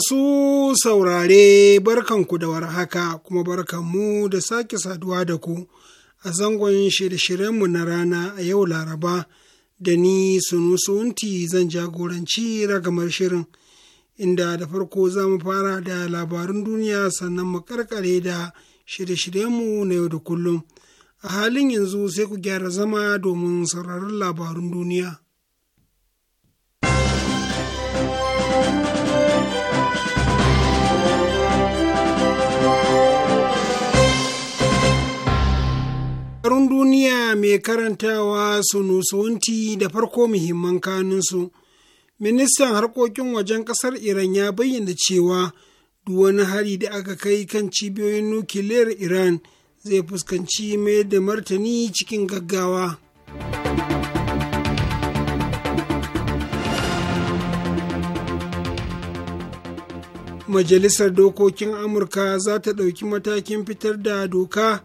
Masu saurare barkanku da warhaka kuma barkanmu da sake saduwa da ku a zangon shirye-shiryenmu na rana a yau Laraba da ni sunusunti zan jagoranci ragamar shirin inda da farko za mu fara da labarun duniya sannan mu karkare da shirye-shiryenmu na yau da kullum. A halin yanzu sai ku gyara zama domin sauraron labarun duniya. labarun duniya mai karantawa su sunusuwanti da farko muhimman kanunsu. Ministan harkokin wajen kasar Iran ya bayyana cewa duk wani hari da aka kai kan cibiyoyin nukiliyar Iran zai fuskanci mai da martani cikin gaggawa. Majalisar Dokokin Amurka za ta ɗauki matakin fitar da doka.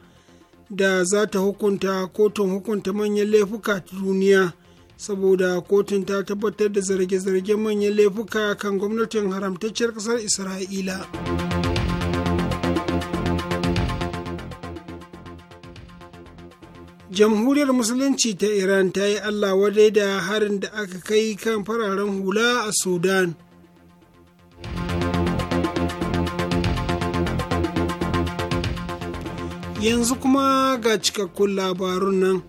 da za ta hukunta kotun hukunta manyan laifuka ta duniya saboda kotun ta tabbatar da zarge-zargen manyan laifuka kan gwamnatin haramtacciyar ƙasar isra'ila jamhuriyar musulunci ta iran ta yi allah wadai da harin da aka kai kan fararen hula a sudan yanzu kuma ga cikakkun labarun nan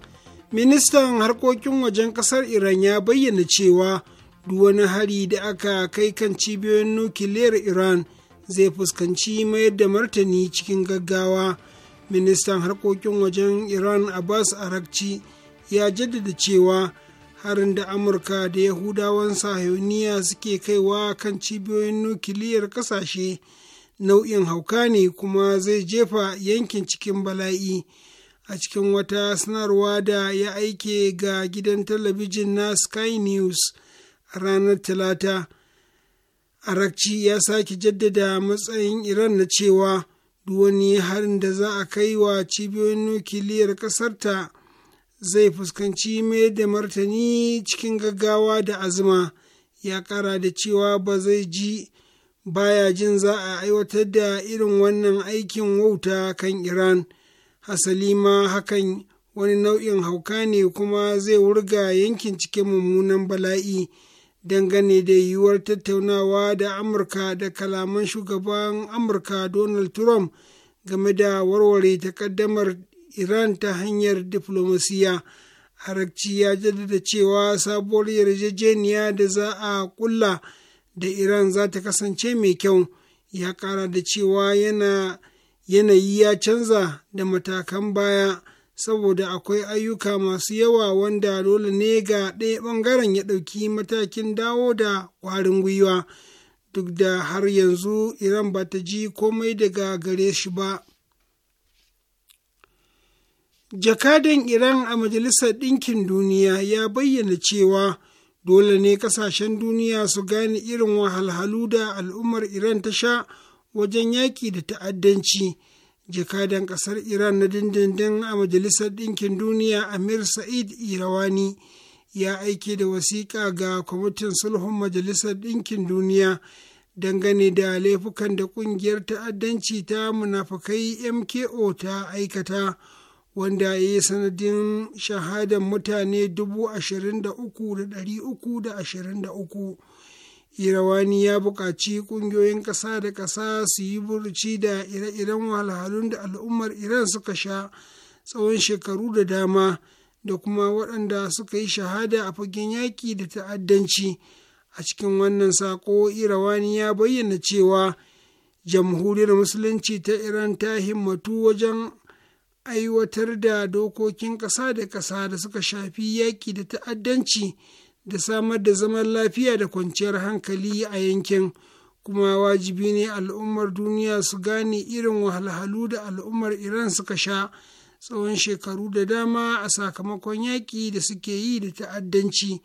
ministan harkokin wajen kasar iran ya bayyana cewa duk wani hari da aka kai kan cibiyoyin nukiliyar iran zai fuskanci mayar da martani cikin gaggawa ministan harkokin wajen iran abbas arakci ya jaddada cewa harin da amurka da yahudawan sahiyoniya suke kaiwa kan cibiyoyin nukiliyar kasashe nau'in hauka ne kuma zai jefa yankin cikin bala'i a cikin wata sanarwa da ya aike ga gidan talabijin na sky news a ranar talata arakci ya sake jaddada matsayin iran na cewa duk wani harin da za a kai wa cibiyoyin nukiliyar ƙasarta zai fuskanci mai da martani cikin gaggawa da azuma ya ƙara da cewa ba zai ji baya jin za a aiwatar da irin wannan aikin wauta kan iran hasali ma hakan wani nau'in hauka ne kuma zai wurga yankin cikin mummunan bala'i dangane da yiwuwar tattaunawa da amurka da kalaman shugaban amurka donald trump game da warware takaddamar iran ta hanyar diflomasiya harakci ya jaddada cewa sabuwar yarjejeniya da za a kulla da iran za ta kasance mai kyau ya kara da cewa yana yanayi ya canza da matakan baya saboda akwai ayyuka masu yawa wanda dole ne ga ɗaya ɓangaren ya ɗauki matakin dawo da ƙwarin gwiwa duk da har yanzu iran ba ta ji komai daga gare shi ba jakadan iran a majalisar ɗinkin duniya ya bayyana cewa dole ne kasashen duniya su gane irin wahalhalu da al'ummar iran ta sha wajen yaƙi da ta'addanci jakadan ƙasar iran na dindindin a majalisar ɗinkin duniya amir sa'id irawani ya aike da wasiƙa ga kwamitin sulhun majalisar ɗinkin duniya dangane da laifukan da ƙungiyar ta'addanci ta munafukai mko ta aikata. wanda ya yi sanadin shahadar mutane dubu ashirin da uku da ɗari uku da ashirin da uku irawani ya buƙaci ƙungiyoyin ƙasa da ƙasa su yi burci da ire-iren wahalhalun da al'ummar iran suka sha tsawon shekaru da dama da kuma waɗanda suka yi shahada a fagen yaƙi da ta'addanci a cikin wannan saƙo irawani ya bayyana cewa jamhuriyar musulunci ta iran ta himmatu wajen aiwatar da dokokin ƙasa da ƙasa da suka shafi yaƙi da ta'addanci da samar da zaman lafiya da kwanciyar hankali a yankin kuma wajibi ne al'ummar duniya su gane irin wahalhalu da al'ummar iran suka sha tsawon shekaru da dama a sakamakon yaƙi da suke yi da ta'addanci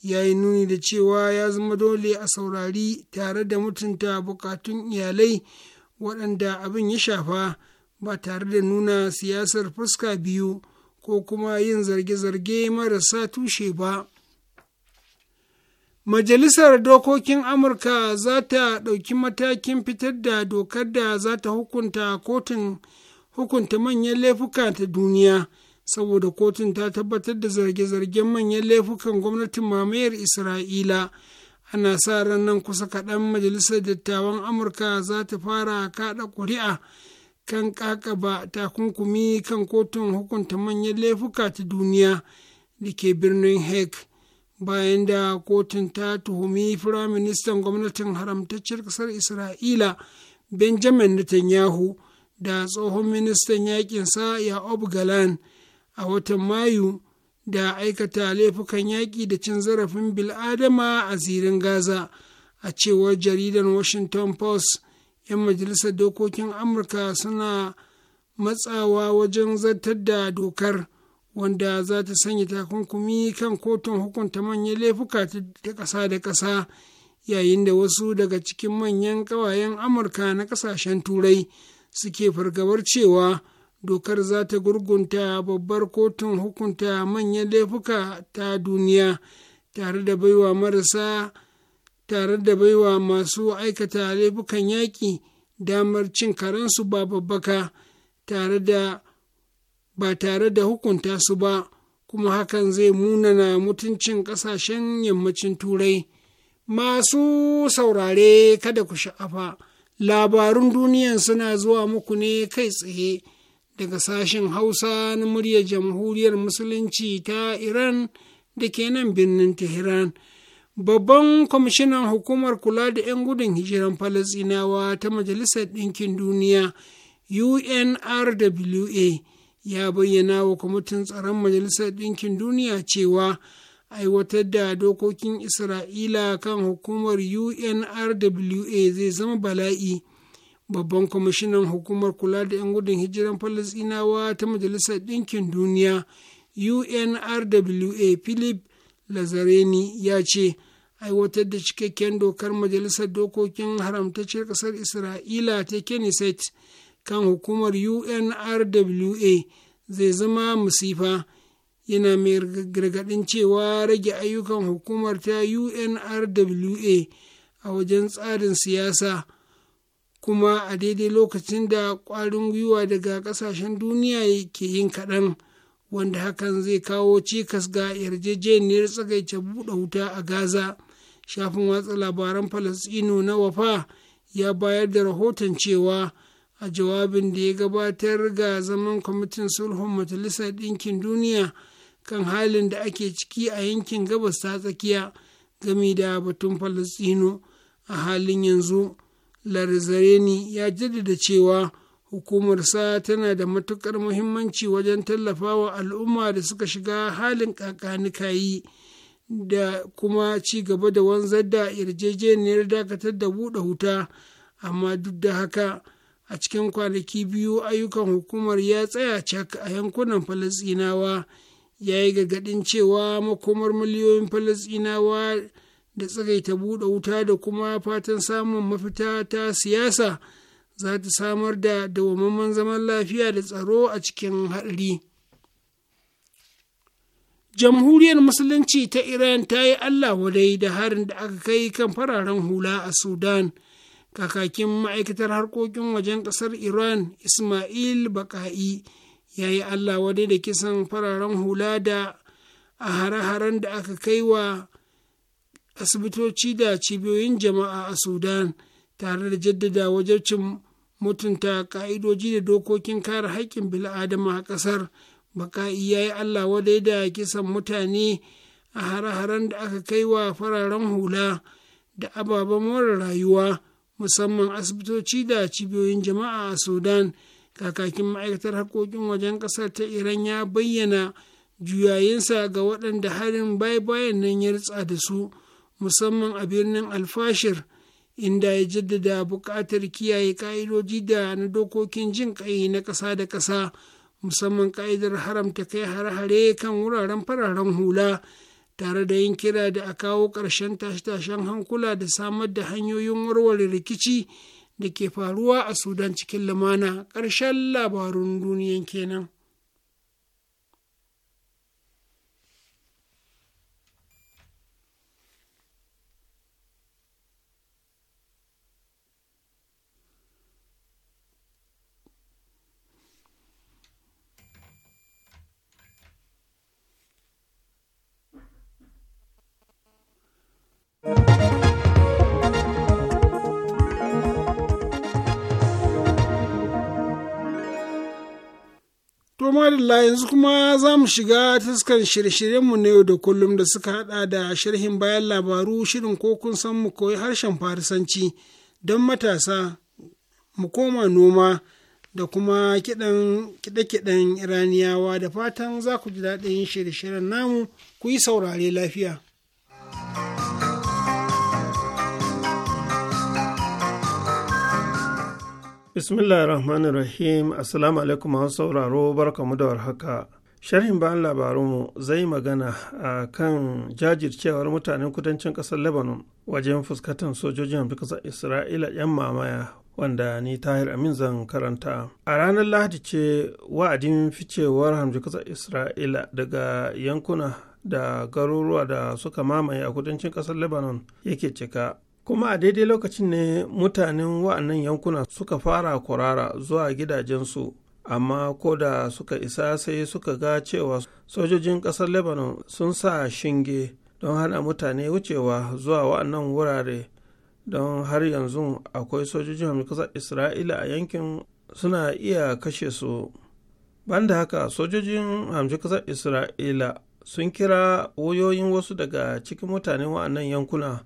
ya yi nuni da cewa ya zama dole a saurari tare da mutunta bukatun iyalai waɗanda abin ya shafa ba tare da nuna siyasar fuska biyu ko kuma yin zarge-zarge marasa tushe ba. Majalisar Dokokin Amurka za ta ɗauki matakin fitar da dokar da za ta hukunta kotun hukunta manyan laifuka ta duniya, saboda kotun ta tabbatar da zarge-zargen manyan laifukan gwamnatin mamayar Isra'ila. Ana sa ran nan kusa kaɗan Majalisar Dattawan Amurka za ta fara kaɗa ƙuri'a. kan kakaba takunkumi kan kotun hukunta manyan laifuka ta duniya da ke birnin hague bayan da kotun ta tuhumi firaministan gwamnatin haramtacciyar ƙasar isra'ila benjamin netanyahu da tsohon ministan sa yaob galan a watan mayu da aikata laifukan yaƙi da cin zarafin bil'adama a zirin gaza a cewar jaridar washington post 'yan majalisar dokokin amurka suna matsawa wajen zartar da dokar wanda za ta sanya takunkumi kan kotun hukunta manyan laifuka ta ƙasa da ƙasa yayin da wasu daga cikin manyan ƙawayen amurka na ƙasashen turai suke fargabar cewa dokar za ta gurgunta babbar kotun hukunta manyan laifuka ta duniya tare da baiwa marasa tare da baiwa masu aikata laifukan yaƙi damar cin karensu ba babbaka ba tare da hukunta su ba kuma hakan zai munana mutuncin ƙasashen yammacin turai masu saurare kada ku sha'afa labarun duniyan suna zuwa muku ne kai tsaye daga sashen hausa na murya jamhuriyar musulunci ta iran da ke nan birnin tehran Babban kwamishinan hukumar kula da 'yan gudun hijiran Falasinawa ta Majalisar Ɗinkin Duniya UNRWA ya bayyana wa kwamitin tsaron Majalisar Ɗinkin Duniya cewa aiwatar da dokokin Isra'ila kan hukumar UNRWA zai zama bala'i. Babban kwamishinan hukumar kula da 'yan gudun hijiran Falasinawa ta Majalisar Ɗinkin Duniya UNRWA Philip Lazareni ya ce aiwatar da cikakken dokar majalisar dokokin haramtacciyar ƙasar isra'ila ta kenneset kan hukumar unrwa zai zama masifa, yana mai gargaɗin cewa rage ayyukan hukumar ta unrwa a wajen tsarin siyasa kuma a daidai lokacin da ƙwarin gwiwa daga ƙasashen duniya ke yin kaɗan wanda hakan zai kawo cikas ga yarjejeniyar tsagaice buɗe wuta a gaza shafin watsa labaran falasɗinu na wafa ya bayar da rahoton cewa a jawabin da ya gabatar ga zaman kwamitin sulhun majalisar ɗinkin duniya kan halin da ake ciki a yankin gabas ta tsakiya gami da batun falasɗinu a halin yanzu Larzareni ya jaddada cewa hukumarsa tana da matuƙar muhimmanci wajen tallafawa al'umma da suka shiga halin kakanikayi. yi da kuma ci gaba da wanzar da yarjejeniyar dakatar da buɗe wuta amma duk da haka a cikin kwanaki biyu ayyukan hukumar ya tsaya cak a yankunan falasinawa ya yi gargaɗin cewa makomar miliyoyin falasinawa da tsagaita buɗe wuta da kuma fatan samun mafita ta siyasa za ta samar da dawamamman zaman lafiya da tsaro a cikin haɗari. jamhuriyar musulunci ta iran ta yi allah wadai da harin da aka kai kan fararen hula a sudan kakakin ma'aikatar harkokin wajen ƙasar iran ismail baka'i ya yi allah wadai da kisan fararen hula da a hare-haren da aka kai wa asibitoci da cibiyoyin jama'a a sudan tare da jaddada wajen mutunta ka'idoji da dokokin kare haƙƙin bil'adama a ƙasar baka'i ya yi allah wadai da kisan mutane a hare-haren da aka kai wa fararen hula da ababen more rayuwa musamman asibitoci da cibiyoyin jama'a a sudan kakakin ma'aikatar harkokin wajen ƙasar ta iran ya bayyana juyayinsa ga waɗanda harin bayan nan ya ritsa da su musamman a birnin alfashir inda ya jaddada buƙatar kiyaye ka'idoji da na dokokin jin ƙai na ƙasa da ƙasa musamman ka'idar haramta kai hare-hare kan wuraren fararen hula tare da yin kira da a kawo ƙarshen tashe-tashen hankula da samar da hanyoyin warware rikici da ke faruwa a sudan cikin lumana ƙarshen labarun duniyan kenan. To madalla yanzu kuma za mu shiga taskar shirye-shiryenmu na yau da kullum da suka hada da sharhin bayan labaru shirin ko kun san mu koyi harshen farisanci don matasa mu koma noma da kuma kiɗe-kiɗen iraniyawa da fatan za ku ji daɗin shirye-shiryen namu ku yi saurare lafiya. bismillah rahim assalamu alaikum masu sauraro barkamu da warhaka sharhin bayan labarunmu zai magana a kan jajircewar mutanen kudancin ƙasar lebanon wajen fuskantar sojojin amurka isra'ila 'yan mamaya wanda ni tahir amin zan karanta a ranar lahadi ce wa'adin ficewar ƙasar isra'ila daga yankuna da garuruwa da suka mamaye a kudancin ƙasar lebanon yake cika kuma a daidai lokacin ne mutanen wa'annan yankuna suka fara kurara zuwa gidajensu amma ko da suka isa sai suka ga cewa sojojin ƙasar lebanon sun sa shinge don hana mutane wucewa zuwa wa'annan wurare don har yanzu akwai sojojin hamikasar isra'ila a yankin suna iya kashe su banda haka sojojin hamikasar isra'ila sun kira wayoyin wasu daga cikin mutanen wa'annan yankuna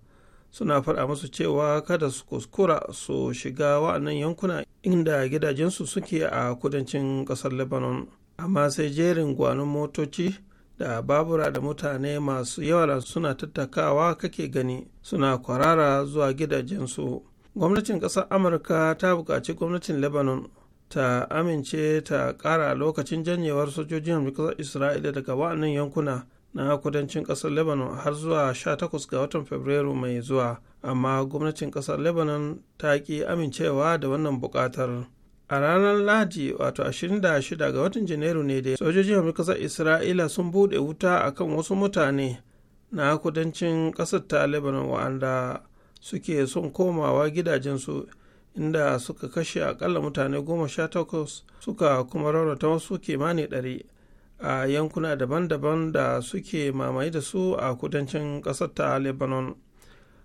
suna faɗa musu cewa kada su kuskura su shiga wa'annan yankuna inda gidajensu suke a kudancin ƙasar lebanon amma sai jerin gwanon motoci da babura da mutane masu yawa suna tattakawa kake gani suna kwarara zuwa gidajensu gwamnatin ƙasar amurka ta buƙaci gwamnatin lebanon ta amince ta ƙara lokacin janyewar sojojin ƙasar isra'ila daga wa'annan yankuna na kudancin kasar lebanon har zuwa 18 ga watan fabrairu mai zuwa amma gwamnatin kasar lebanon ta ki amincewa da wannan bukatar. a ranar lahadi wato 26 ga watan janairu ne da sojoji amurka kasar isra'ila sun bude wuta akan wasu mutane na kudancin ƙasar ta lebanon wa'anda suke son komawa gidajensu inda suka kashe akalla mutane goma sha takwas suka kuma rarrata wasu kimanin ɗari a yankuna daban-daban da suke mamaye da su a kudancin ƙasar ta lebanon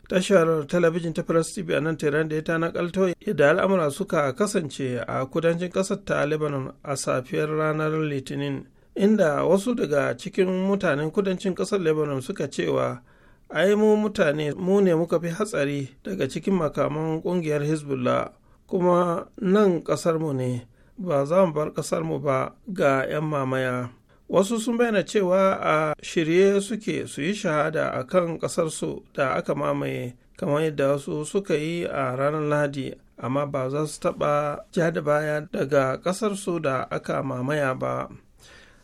tashar talabijin ta press tv a nan tehran da ya ta nakalto yadda al'amura suka kasance a kudancin ƙasar ta lebanon a safiyar ranar litinin inda wasu daga cikin mutanen kudancin ƙasar lebanon suka cewa ai mu mutane mu ne muka fi hatsari daga cikin makaman ƙungiyar hezbollah kuma nan ƙasarmu ne ba za mu bar ƙasarmu ba ga 'yan mamaya wasu sun bayyana cewa a shirye suke su yi shahada a kan ƙasarsu da aka mamaye kamar yadda wasu suka yi a ranar lahadi amma ba za su taɓa ja da baya daga ƙasarsu da aka mamaya ba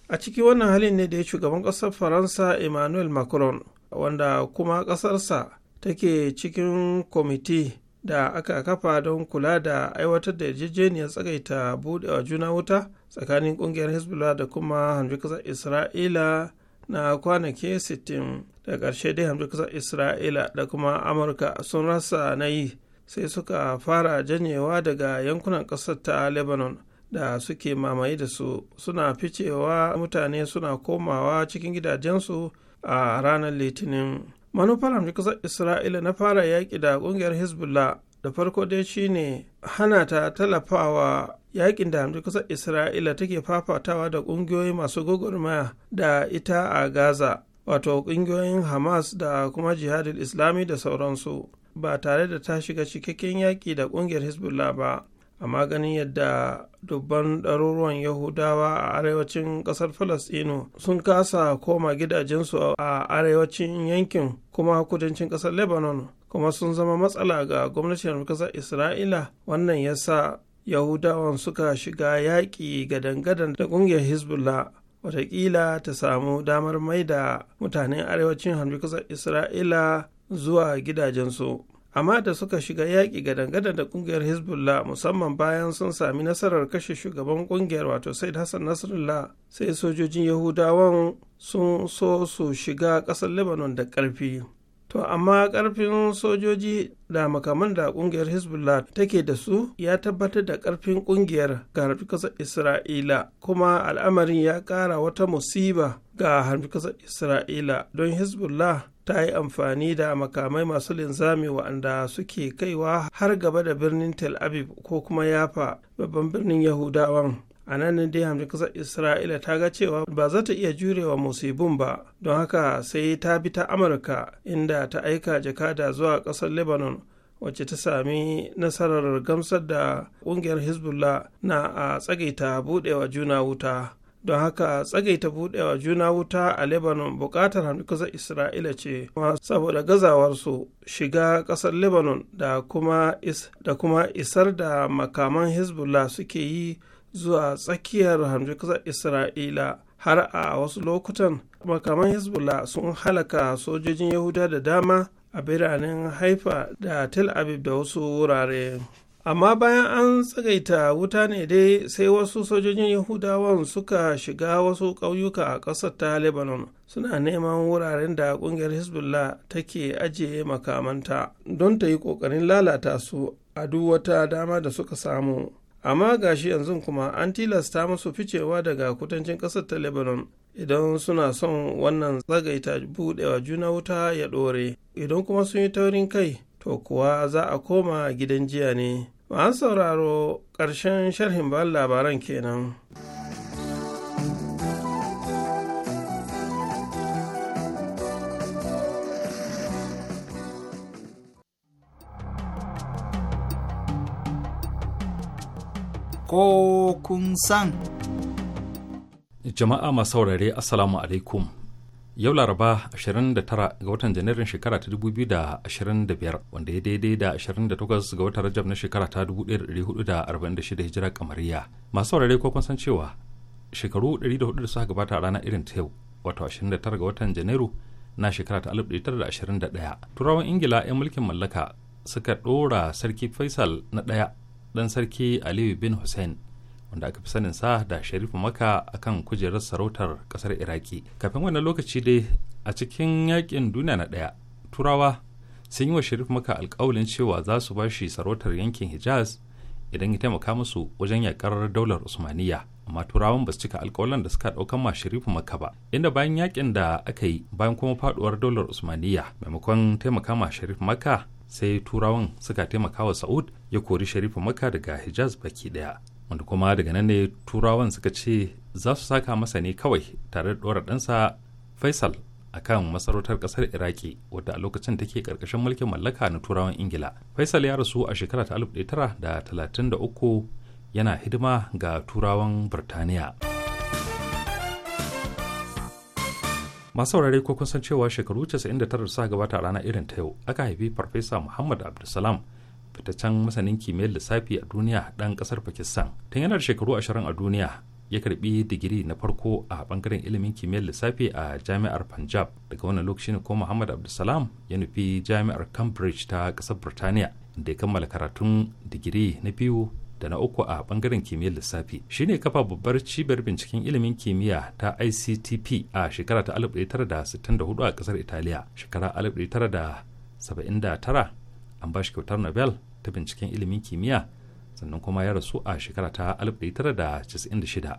a ciki wannan halin ne da ya shugaban ƙasar faransa emmanuel macron wanda kuma ƙasarsa take cikin kwamiti da aka kafa don kula da aiwatar da yarjejeniyar tsagaita budewa juna wuta tsakanin kungiyar hezbollah da kuma hamjikasar isra'ila na kwanaki 60 da ƙarshe dai hamjikasar isra'ila da kuma amurka sun rasa na yi sai suka fara janyewa daga yankunan ƙasar ta lebanon da suke mamaye da su suna ficewa mutane suna komawa cikin gidajensu a ranar litinin manufar amurkasar isra'ila na fara yaƙi da ƙungiyar hezbollah da farko dai shine hana ta talafawa yaƙin da kasar isra'ila take fafatawa da ƙungiyoyi masu gwagwarmaya da ita a gaza wato ƙungiyoyin hamas da kuma jihadul islami da sauransu ba tare da ta shiga cikakken yaƙi da ƙungiyar hezbollah ba amma ganin yadda dubban ɗaruruwan yahudawa a arewacin ƙasar falasɗinu sun kasa koma gidajensu a arewacin yankin kuma kudancin ƙasar lebanon kuma sun zama matsala ga gwamnatin ƙasar isra'ila wannan ya sa yahudawan suka shiga yaƙi ga dangadan da ƙungiyar hezbollah watakila ta samu damar mai da mutanen arewacin ƙasar isra'ila zuwa gidajensu amma da suka shiga yaƙi ga dangane da ƙungiyar hezbollah musamman bayan sun sami nasarar kashe shugaban ƙungiyar wato said hassan nasrullah sai sojojin yahudawan sun so su shiga ƙasar lebanon da ƙarfi to amma ƙarfin sojoji da makaman da ƙungiyar hezbollah take da su ya tabbatar da ƙarfin ƙungiyar ga harfi ƙasar isra'ila kuma al'amarin ya ƙara wata musiba ga harfi ƙasar isra'ila don hezbollah ta yi amfani da makamai masu linzami wa'anda suke kaiwa har gaba da birnin tel aviv ko kuma yafa babban birnin yahudawan a nan dai hamdi kasar isra'ila ta ga cewa ba za ta iya jurewa musibin ba don haka sai ta bi ta amurka inda ta aika jakada zuwa kasar lebanon wacce ta sami nasarar gamsar da kungiyar hezbollah na a tsagaita budewa juna wuta don haka tsagaita buɗewa juna wuta a lebanon buƙatar hamdukasar isra'ila ce saboda gazawar su shiga ƙasar lebanon da kuma, isar da makaman hezbollah suke yi zuwa tsakiyar hamdukasar isra'ila har a wasu lokutan makaman hezbollah sun halaka sojojin yahuda da dama a biranen haifa da tel aviv da wasu wurare amma bayan an tsagaita wuta ne dai sai wasu sojojin yahudawan suka shiga wasu ƙauyuka a ƙasar ta lebanon suna neman wuraren da ƙungiyar hezbollah take ajiye makamanta don ta yi ƙoƙarin lalata su a duk wata dama da suka samu amma gashi yanzu kuma an tilasta musu ficewa daga kudancin ƙasar ta lebanon idan suna son wannan tsagaita buɗewa juna wuta ya ɗore idan kuma sun yi taurin kai to kuwa za a koma gidan jiya ne an sauraro ƙarshen sharhin bayan labaran kenan. ko kun san. Jama'a masaurare saurare Assalamu alaikum yau laraba 29 ga watan janairun shekara ta 2025 wanda ya daidai da 28 ga watan rajab na shekara ta 1446 hijira kamariya masu saurare ko kun san cewa shekaru 104 da suka gabata a ranar irin ta yau wato 29 ga watan janairu na shekara ta 1921 turawan ingila 'yan mulkin mallaka suka ɗora sarki faisal na ɗaya ɗan sarki aliyu bin hussein wanda aka fi sanin sa da sharifu maka akan kujerar sarautar kasar iraki kafin wannan lokaci dai a cikin yakin duniya na daya turawa sun yi wa sharif maka alkawalin cewa za su ba shi sarautar yankin hijaz idan ya taimaka musu wajen yakar daular usmaniya amma turawan ba su cika alkawalin da suka daukan ma sharifu maka ba inda bayan yakin da aka yi bayan kuma faduwar daular usmaniya maimakon taimaka ma sharif maka sai turawan suka taimaka wa sa'ud ya kori sharifu maka daga hijaz baki daya wanda kuma daga nan ne turawan suka ce za su saka masa ne kawai tare da ɗora ɗansa faisal a kan masarautar ƙasar iraki wadda a lokacin take ƙarƙashin mulkin mallaka na turawan ingila faisal ya rasu a shekara ta 1933 yana hidima ga turawan birtaniya masu saurare ko kun san cewa shekaru 99 suka gabata a rana irin ta yau aka haifi farfesa muhammad abdulsalam fitaccen masanin kimiyyar lissafi a duniya ɗan ƙasar pakistan tun yana da shekaru ashirin a duniya ya karbi digiri na farko a bangaren ilimin kimiyyar lissafi a jami'ar punjab daga wannan lokaci ne ko muhammad abdulsalam ya nufi jami'ar cambridge ta kasar birtaniya da ya kammala karatun digiri na biyu da na uku a bangaren kimiyyar lissafi shine kafa babbar cibiyar binciken ilimin kimiyya ta ictp a shekara ta 1964 a kasar italiya shekara 1979 an ba shi kyautar nobel ta binciken ilimin kimiyya sannan kuma ya rasu a shekara ta 1996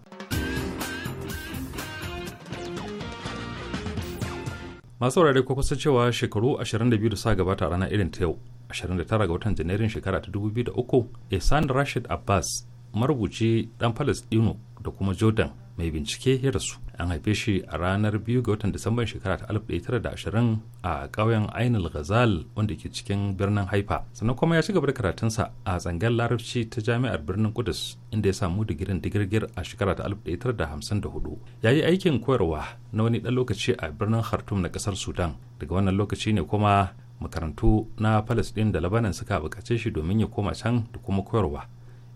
masu saurare ko kusa cewa shekaru 22 da sa gabata rana irin ta yau 29 ga watan janairun shekara ta 2003 ihsan rashid abbas marubuci dan palestino da kuma jordan mai bincike ya rasu an haife shi a ranar 2 ga watan disamban shekara ta 1920 a ƙauyen ainul ghazal wanda ke cikin birnin haifa sannan kuma ya ci gaba da karatunsa a zangar larabci ta jami'ar birnin kudus inda ya samu digirin digirgir a shekara ta 1954 ya yi aikin koyarwa na wani ɗan lokaci a birnin khartoum na ƙasar sudan daga wannan lokaci ne kuma makarantu na palestine da labanan suka bukace shi domin ya koma can da kuma koyarwa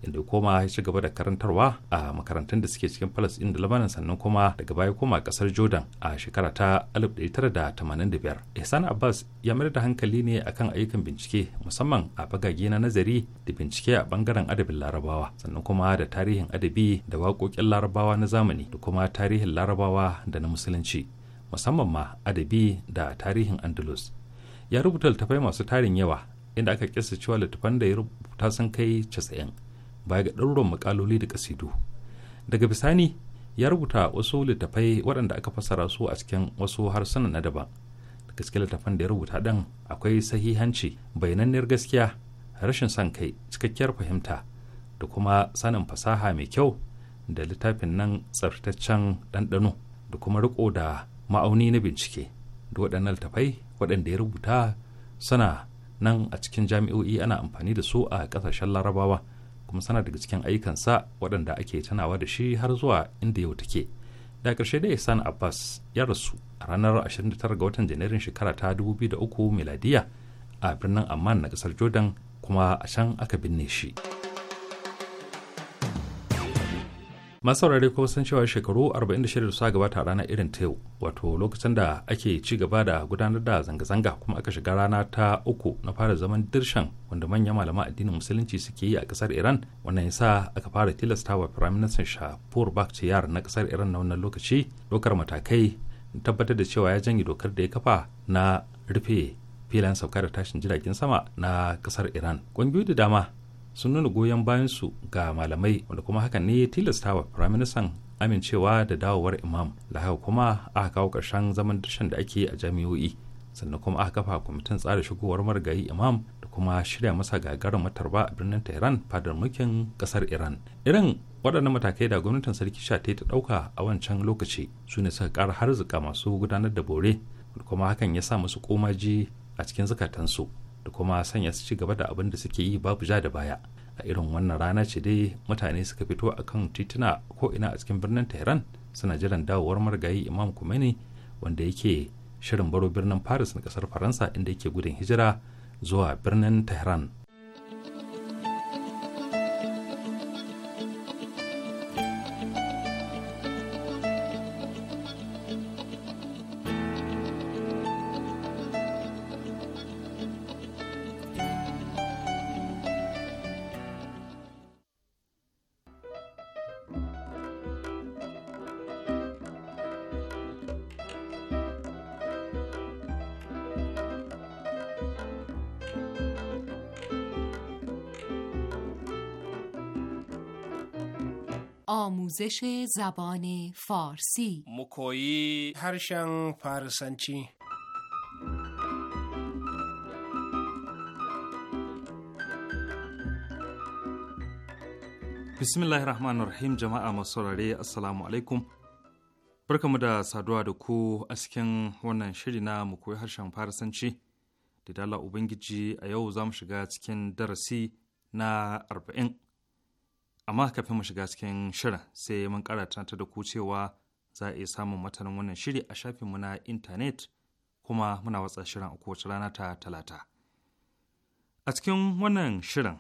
inda ya koma ya ci gaba da karantarwa a makarantun da suke cikin Palestine da labarin. sannan kuma daga baya koma kasar Jordan a shekara ta 1985. Ihsan Abbas ya mayar da hankali ne akan ayyukan bincike musamman a bagage na nazari da bincike a bangaren adabin Larabawa sannan kuma da tarihin adabi da waƙoƙin Larabawa na zamani da kuma tarihin Larabawa da na Musulunci musamman ma adabi da tarihin Andalus. Ya rubuta littattafai masu tarin yawa inda aka kisa cewa littattafan da ya rubuta sun kai casa'in baya ga ɗaruran makaloli da kasidu daga bisani ya rubuta wasu littafai waɗanda aka fassara su a cikin wasu harsuna na daban da gaske littafan da ya rubuta ɗan akwai sahihanci bayananniyar gaskiya rashin son kai cikakkiyar fahimta da kuma sanin fasaha mai kyau da littafin nan tsaftaccen ɗanɗano da kuma riko da ma'auni na bincike da waɗannan littafai waɗanda ya rubuta suna nan a cikin jami'o'i ana amfani da su a ƙasashen larabawa kuma sana daga cikin ayyukansa waɗanda ake tanawa da shi har zuwa inda yau take da ƙarshe dai san abbas ya rasu a ranar 29 ga watan janairun shekara ta 2003 miladiya a birnin amman na ƙasar jordan kuma a can aka binne shi. masu kuma san cewa shekaru 46 da suka gabata a ranar irin ta yau wato lokacin da ake ci gaba da gudanar da zanga-zanga kuma aka shiga rana ta uku na fara zaman dirshan wanda manyan malama addinin musulunci suke yi a kasar iran wannan sa aka fara tilasta wa firaministan shapur bakhtiyar na kasar iran na wannan lokaci dokar matakai tabbatar da cewa ya janye dokar da ya kafa na rufe filayen sauka da tashin jiragen sama na kasar iran ƙungiyoyi da dama sun nuna goyon bayansu ga malamai wanda kuma hakan ne tilastawa firaministan amincewa da dawowar imam lahau kuma aka kawo ƙarshen zaman dashen da ake a jami'o'i sannan kuma aka kafa kwamitin tsara shigowar marigayi imam da kuma shirya masa gagarin matarba a birnin tehran fadar mulkin kasar iran irin waɗannan matakai da gwamnatin sarki sha ta ɗauka a wancan lokaci su ne suka ƙara harzuka masu gudanar da bore kuma hakan ya sa musu komaji a cikin zukatansu da kuma sanya su ci gaba da abin da suke yi babu ja da baya a irin wannan rana ce dai mutane suka fito a kan tituna ko ina a cikin birnin tehran suna jiran dawowar marigayi imam kumeni wanda yake shirin baro birnin paris na kasar faransa inda yake gudun hijira zuwa birnin tehran آموزش زبان فارسی مکویی هرشن فارسنچی bismillahir rahmanir rahim jama'a masu saurare assalamu alaikum barkamu da saduwa da ku a cikin wannan shiri na mu koyi harshen farisanci da dala ubangiji a yau za mu shiga cikin darasi na arba'in amma kafin mu shiga cikin shirin sai mun karanta ta da ku cewa za a iya samun matanin wannan shiri a shafinmu na intanet kuma muna watsa shirin a kowace rana ta talata a cikin wannan shirin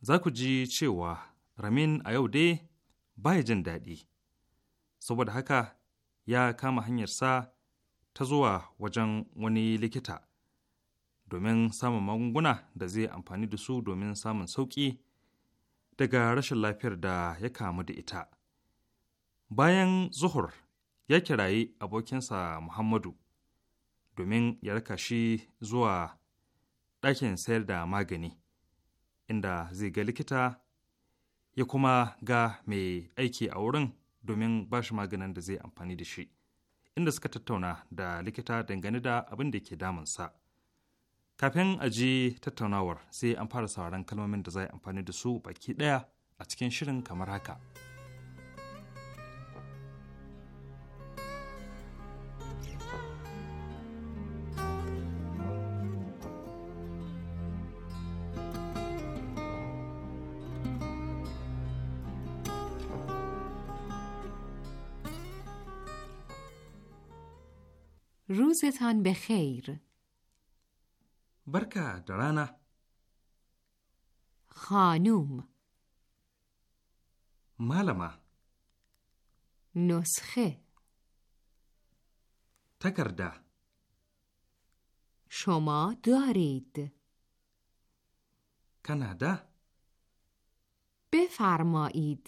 za ku ji cewa ramin a yau dai ba ya jin daɗi saboda haka ya kama hanyarsa ta zuwa wajen wani likita domin samun magunguna da zai amfani da su domin samun sauƙi daga rashin lafiyar da ya kamu da ita. Bayan Zuhur ya kirayi abokinsa Muhammadu domin ya raka shi zuwa ɗakin sayar da magani, inda zai ga likita ya kuma ga mai aiki a wurin domin ba shi maganin da zai amfani da shi, inda suka tattauna da likita dangane da abin da ke damunsa. kafin a ji tattaunawar sai an fara sauran kalmomin da za a yi amfani da su baki ɗaya a cikin shirin kamar haka. روزتان به خیر برکه rana خانوم مالما نسخه تکرده شما دارید کانادا بفرمایید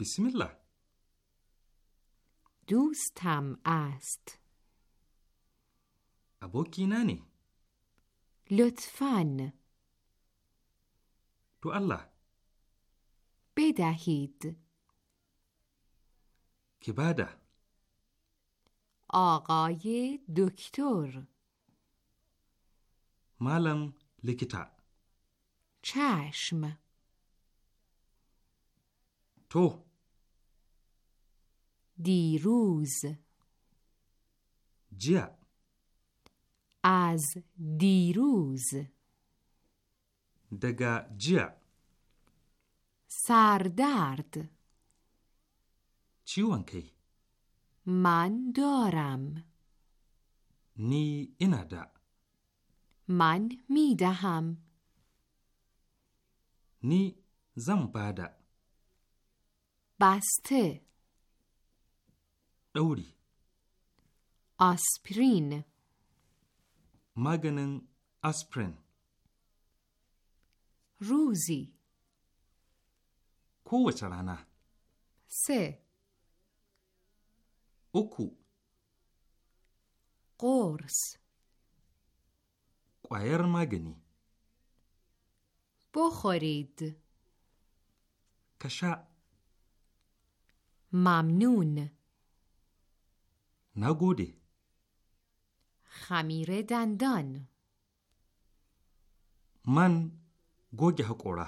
بسم الله دوستم است ابوکی نانی؟ لطفاً تو الله بدهید که آقای دکتر مالم لکتا چشم تو دیروز جیا از دیروز دگا جیا سردرد چیوان کی من دارم نی اینا دا من میدهم نی زم بادا بسته دوری آسپرین maganin aspirin روزی kowace rana Se. uku Kors. ƙwayar magani بخورید ka sha ممنون na gode خمیر دندان من گوگه کره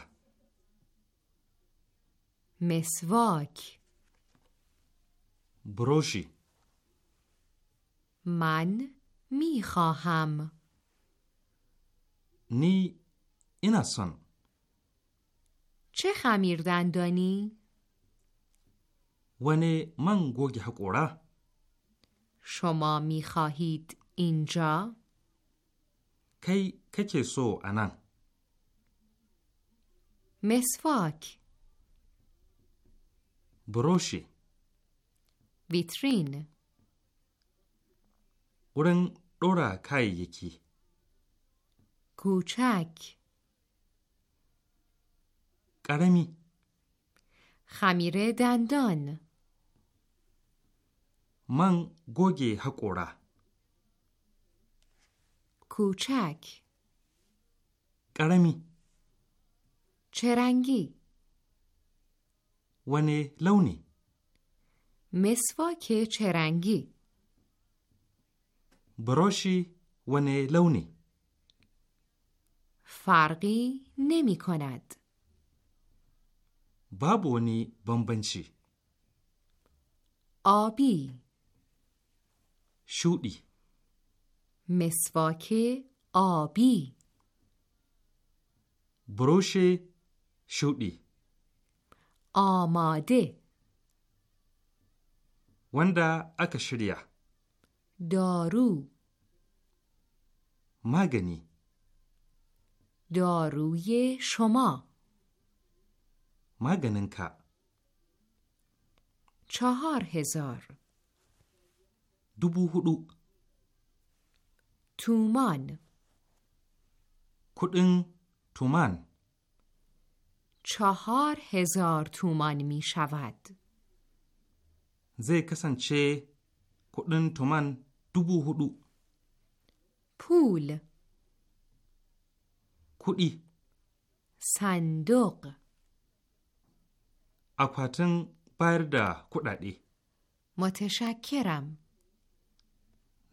مسواک بروشی من میخواهم نی این چه خمیر دندانی؟ ونه من گوگه کوره شما میخواهید اینجا کی ککی سو انا مسواک بروشی ویترین ورن دورا کای یکی کوچک قرمی خمیر دندان من گوگی حقورا کوچک قرمی چرنگی ونه لونی مسواک چرنگی بروشی ونه لونی فرقی نمی کند بابونی بمبنشی آبی شودی مسواک آبی بروش شودی آماده وندا اکا شریا دارو مگنی داروی شما مگننکا چهار هزار دوبو هدو تومان کدن تومان چهار هزار تومان می شود زی کسان چه کدن تومان دوبو هدو پول کدی صندوق اکواتن بایرده کدادی متشکرم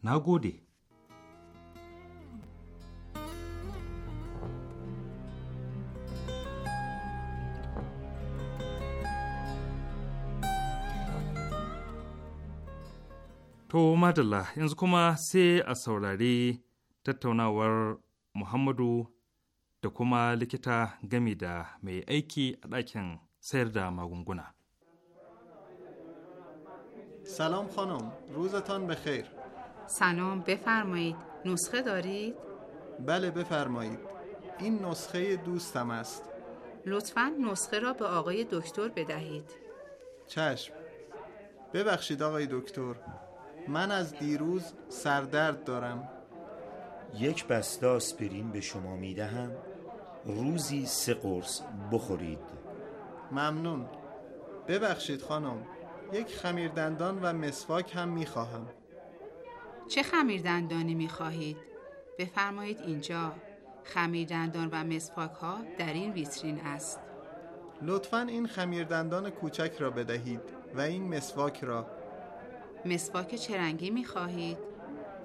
نگودی تو madalla yanzu kuma sai a saurari tattaunawar Muhammadu da kuma likita gami da mai aiki a ɗakin sayar da سلام خانم روزتان بخیر سلام بفرمایید نسخه دارید؟ بله بفرمایید این نسخه دوستم است لطفا نسخه را به آقای دکتر بدهید چشم ببخشید آقای دکتر من از دیروز سردرد دارم یک بسته آسپرین به شما میدهم روزی سه قرص بخورید ممنون ببخشید خانم یک خمیردندان و مسواک هم میخواهم چه خمیردندانی میخواهید؟ بفرمایید اینجا خمیردندان و مسواک ها در این ویترین است لطفا این خمیردندان کوچک را بدهید و این مسواک را مسواک چرنگی می خواهید؟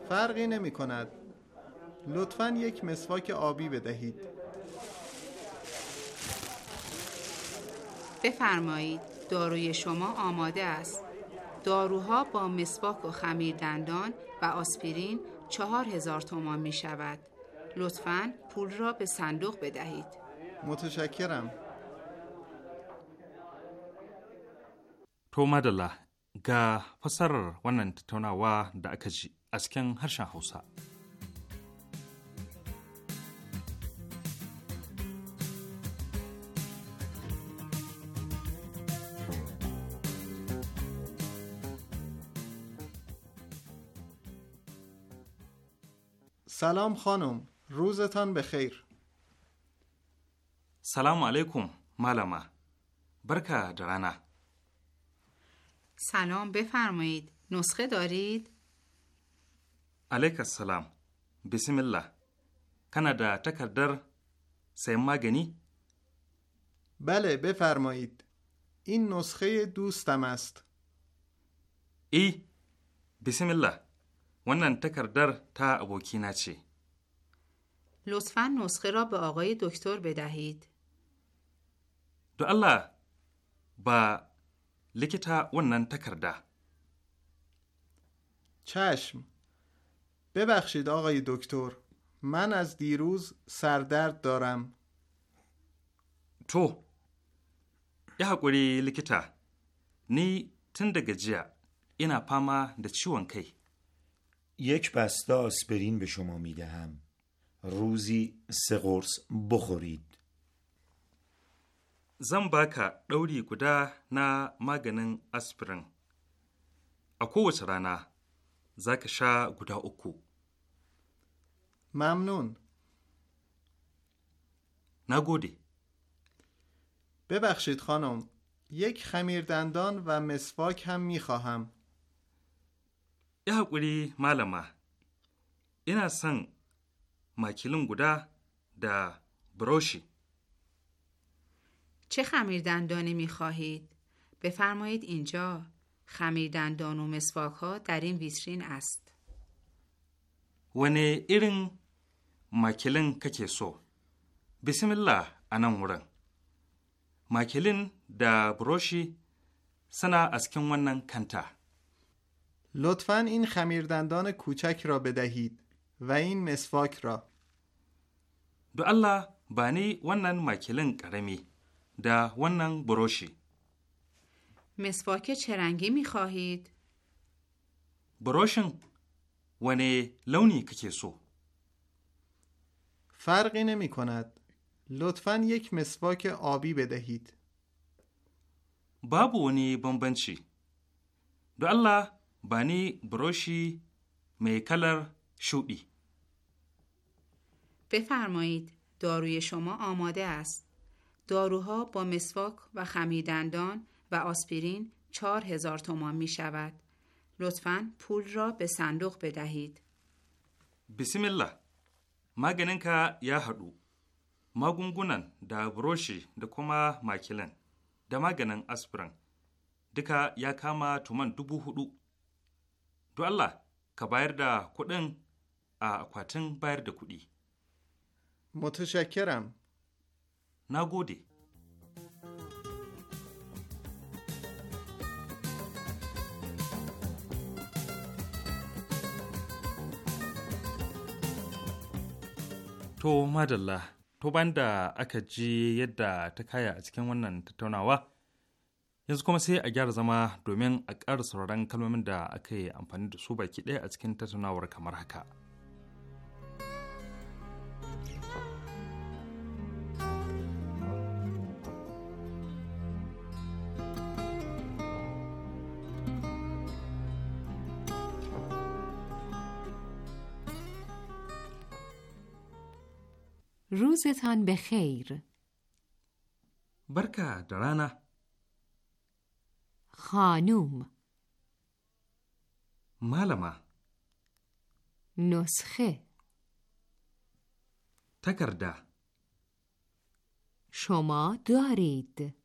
فرقی نمی کند لطفا یک مسواک آبی بدهید بفرمایید داروی شما آماده است داروها با مسواک و خمیر دندان و آسپرین چهار هزار تومان می شود لطفا پول را به صندوق بدهید متشکرم تو مدله ga fasarar wannan tattaunawa da aka ji a cikin harshen Hausa. سلام خانم روزتان بخیر سلام علیکم مالما برکه درانه سلام بفرمایید نسخه دارید؟ علیک السلام بسم الله کانادا تکردر سیم مگنی؟ بله بفرمایید این نسخه دوستم است ای بسم الله ونن تکردر تا abokina چی لطفا نسخه را به آقای دکتر بدهید. دو الله با likita ونن تکرده چشم ببخشید آقای دکتر من از دیروز سردرد دارم تو یه حقوری لکتا نی تن daga jiya ina پامه ده چیون یک بسته آسپرین به شما میدهم. روزی سه قرص بخورید. zan baka ɗauri guda na maganin aspirin. A kowace rana za ka sha guda uku. ممنون نگودی ببخشید خانم یک خمیر دندان و مسواک هم میخواهم یه حقوری معلمه این اصلا مکیلون گوده در بروشی چه خمیردندانی می خواهید؟ بفرمایید اینجا خمیردندان و مسواک ها در این ویترین است. ونه ایرن ماکلین ککی سو بسم الله انا ورن ماکلین دا بروشی سنا از کن ونن کنتا لطفا این خمیردندان کوچک را بدهید و این مسواک را. دو الله بانی ونن ماکلین کرمی. دا ونن بروشی مسواک چه رنگی می خواهید؟ بروشن ونی لونی که سو فرقی نمی کند لطفا یک مسواک آبی بدهید بابو ونی بمبنچی دو الله بانی بروشی می کلر شوی بفرمایید داروی شما آماده است داروها با مسواک و خمیدندان و آسپرین چار هزار تومان می شود. لطفا پول را به صندوق بدهید. بسم الله. ما گنن یا حدو. ما گنگونن دا بروشی دا کما ماکلن کلن. دا ما گنن اسپرن. دکا یا کاما تومان دوبو حدو. دو الله که بایر دا کدن آقواتن بایر دا کدی. متشکرم. Na gode. To madalla, to da aka ji yadda ta kaya a cikin wannan tattaunawa, yanzu kuma sai a gyara zama domin a ƙara sauraron kalmomin da aka yi amfani da su baki ɗaya a cikin tattaunawar kamar haka. روزتان به خیر برکه درانه خانوم مالما نسخه تکرده شما دارید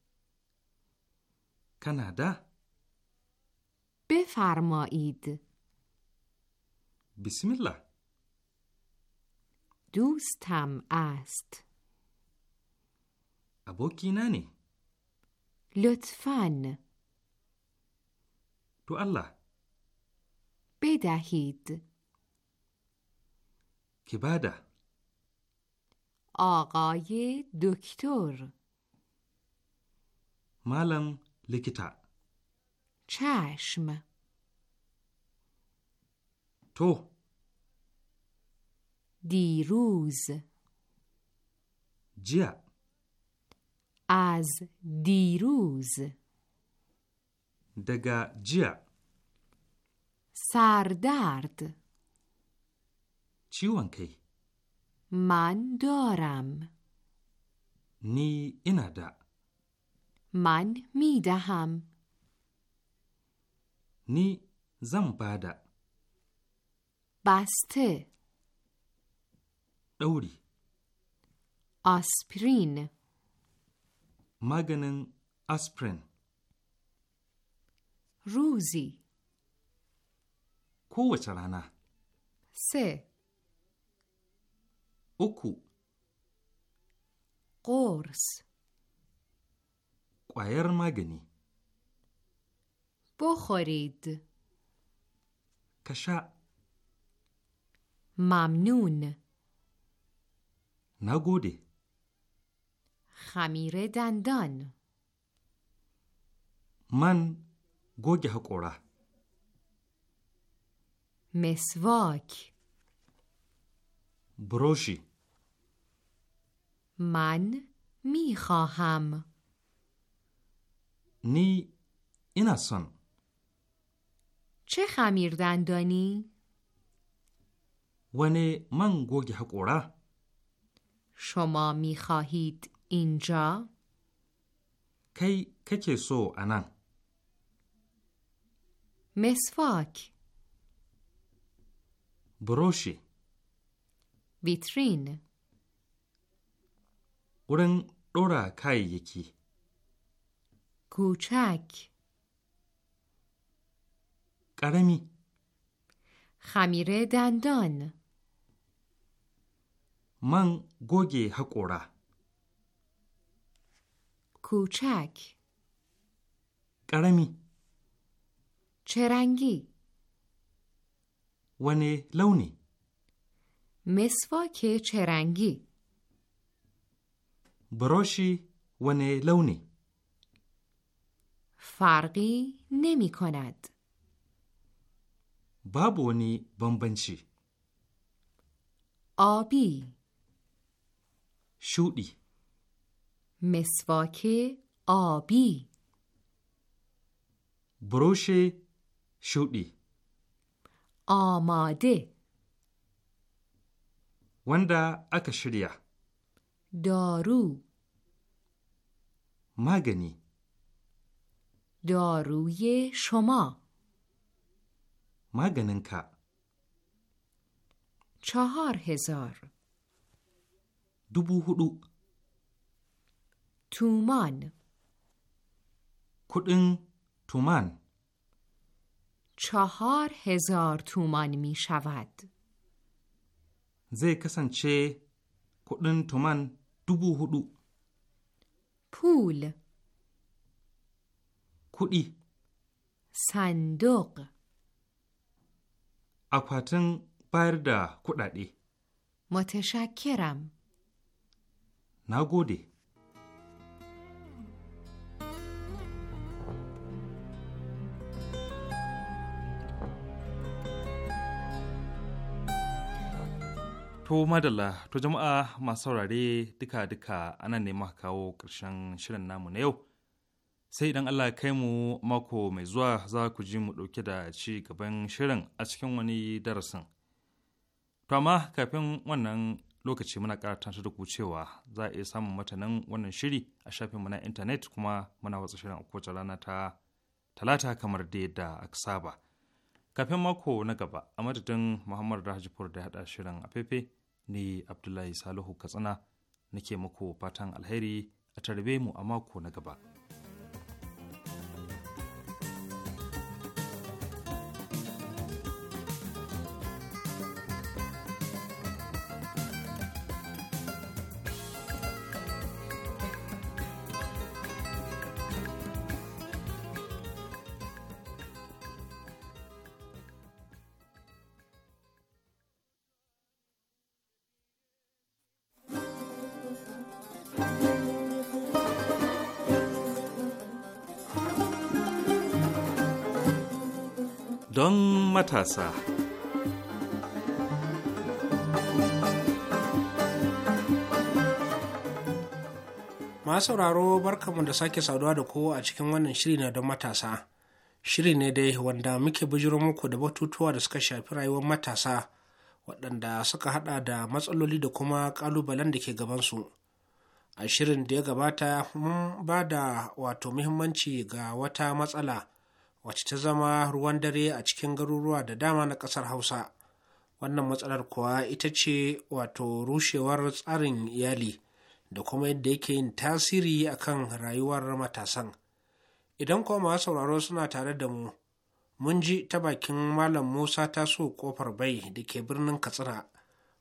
کانادا بفرمایید بسم الله دوستم است ابوکی ننی لطفا تو الله بدهید که آقای دکتر مالم لکتا چشم تو دیروز جیا از دیروز دگا جیا سردرد چیوان کی من دارم نی اینا دا من میدهم نی زم بادا بسته ɗauri aspirin maganin aspirin روزی kowace rana Se. uku Kors. ƙwayar magani بخورید kasha Mamnun. نگودی خمیر دندان من گوگه کوره مسواک بروشی من میخواهم نی این چه خمیر دندانی؟ ونه من گوگه کوره شما می اینجا؟ کی ککی سو انا مسواک بروشی ویترین قرن دورا کای یکی کوچک قرمی خمیره دندان من گوگی حقورا کوچک قرمی چرنگی ونی لونی مسواک چرنگی بروشی ونی لونی فرقی نمی کند بابونی بمبنشی آبی شودی مسواک آبی بروش شودی آماده وندا اکشریا دارو مگنی داروی شما مگننکا چهار هزار دوبو hudu. تومان کدن تومان چهار هزار تومان می شود زی کسان چه کدن تومان دوبو هدو پول کدی صندوق اکواتن بایر دا کدادی متشکرم Na gode. To madalla, to jama'a masu saurare duka-duka ana nema kawo ƙarshen shirin namu na yau. Sai idan Allah kai mu mako mai zuwa za ku ji mu ɗauke da ci gaban shirin a cikin wani darasin. To amma kafin wannan lokaci muna ƙara tantar da ku cewa za a iya samun matanin wannan shiri a shafinmu na intanet kuma muna watsa shirin a kowace rana ta talata kamar da yadda aka saba. Kafin mako na gaba a madadin Muhammadu Rahajipur da haɗa shirin a fefe ni Abdullahi Salihu Katsina nake muku fatan alheri a tarbe mu a mako na gaba. matasa. Masu sauraro barkamu da sake saduwa da kowa a cikin wannan shiri na don matasa. Shiri ne dai wanda muke bujiro muku da batutuwa da suka shafi rayuwar matasa waɗanda suka haɗa da matsaloli da kuma ƙalubalen da ke gabansu. A shirin da ya gabata mun ba da wato muhimmanci ga wata matsala wacce ta zama ruwan dare a cikin garuruwa da dama na ƙasar hausa wannan matsalar kuwa ita ce wato rushewar tsarin iyali da kuma yadda yake yin tasiri akan rayuwar matasan idan kuma masu sauraro suna tare da mu mun ji ta bakin malam musa ta so kofar bai da ke birnin katsina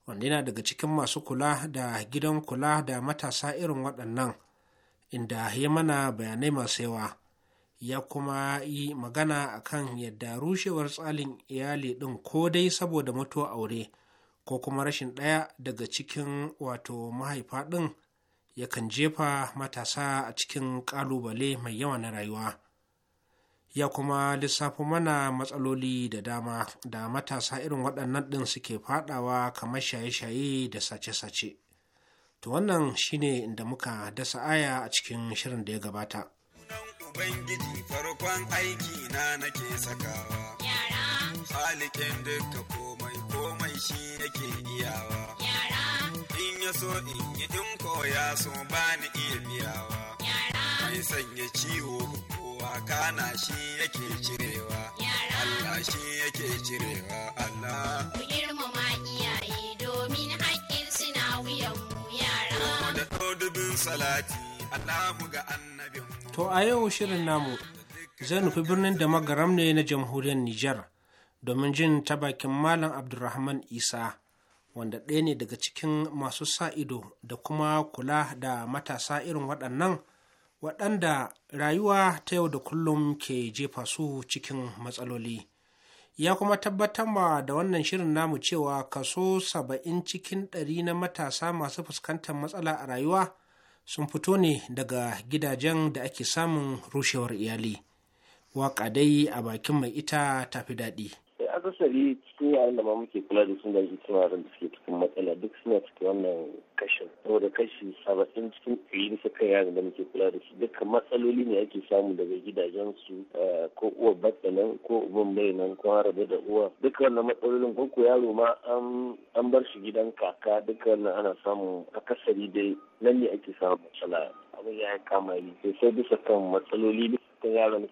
wanda yana daga cikin masu kula da gidan kula da matasa irin waɗannan inda ya mana bayanai masu yawa ya kuma yi magana a kan yadda rushewar tsalin iyali ɗin ko dai saboda mutuwa aure ko kuma rashin ɗaya daga cikin wato mahaifa ɗin yakan jefa matasa a cikin ƙalubale mai yawa na rayuwa ya kuma lissafi mana matsaloli da dama da matasa irin waɗannan ɗin suke faɗawa kamar shaye-shaye da sace-sace to wannan shine inda muka dasa aya a cikin shirin da ya gabata Ubangiji farkon aiki na nake sakawa. Yara. Halikin duka komai komai shi nake iyawa. Yara. In ya so in yi in koya so ba ni iya biyawa. Yara. Mai sanya ciwo kowa kana shi yake cirewa. Yara. Allah shi yake cirewa Allah. Ku girmama iyaye domin haƙƙin suna mu. yara. da salati, Allah mu ga annabi. To a yau shirin namu zai nufi birnin da magaram ne na jamhuriyar Nijar domin jin ta bakin Malam Abdulrahman Isa wanda ɗaya ne daga cikin masu sa ido da kuma kula da matasa irin waɗannan waɗanda rayuwa ta yau da kullum ke jefa su cikin matsaloli. Ya kuma tabbatar ma da wannan shirin namu cewa kaso saba'in cikin ɗari na matasa masu fuskantar matsala a rayuwa sun fito ne daga gidajen da ake samun rushewar iyali waƙa dai a bakin mai ita tafi daɗi akasari cikin yayin da ma muke kula da sun da ake cewa da suke cikin matsala duk suna cikin wannan kashin saboda kashi saba'in cikin ɗari bisa kan yaran da muke kula da su dukkan matsaloli ne ake samu daga su eh, ko uwa batsa nan ko uban bai nan ko harabe da uwa dukkan wannan matsalolin ko ko yaro ma an bar shi gidan kaka dukkan wannan ana samun akasari dai nan ne ake samun matsala abin ya kama yi sai bisa kan matsaloli bisa kan yaran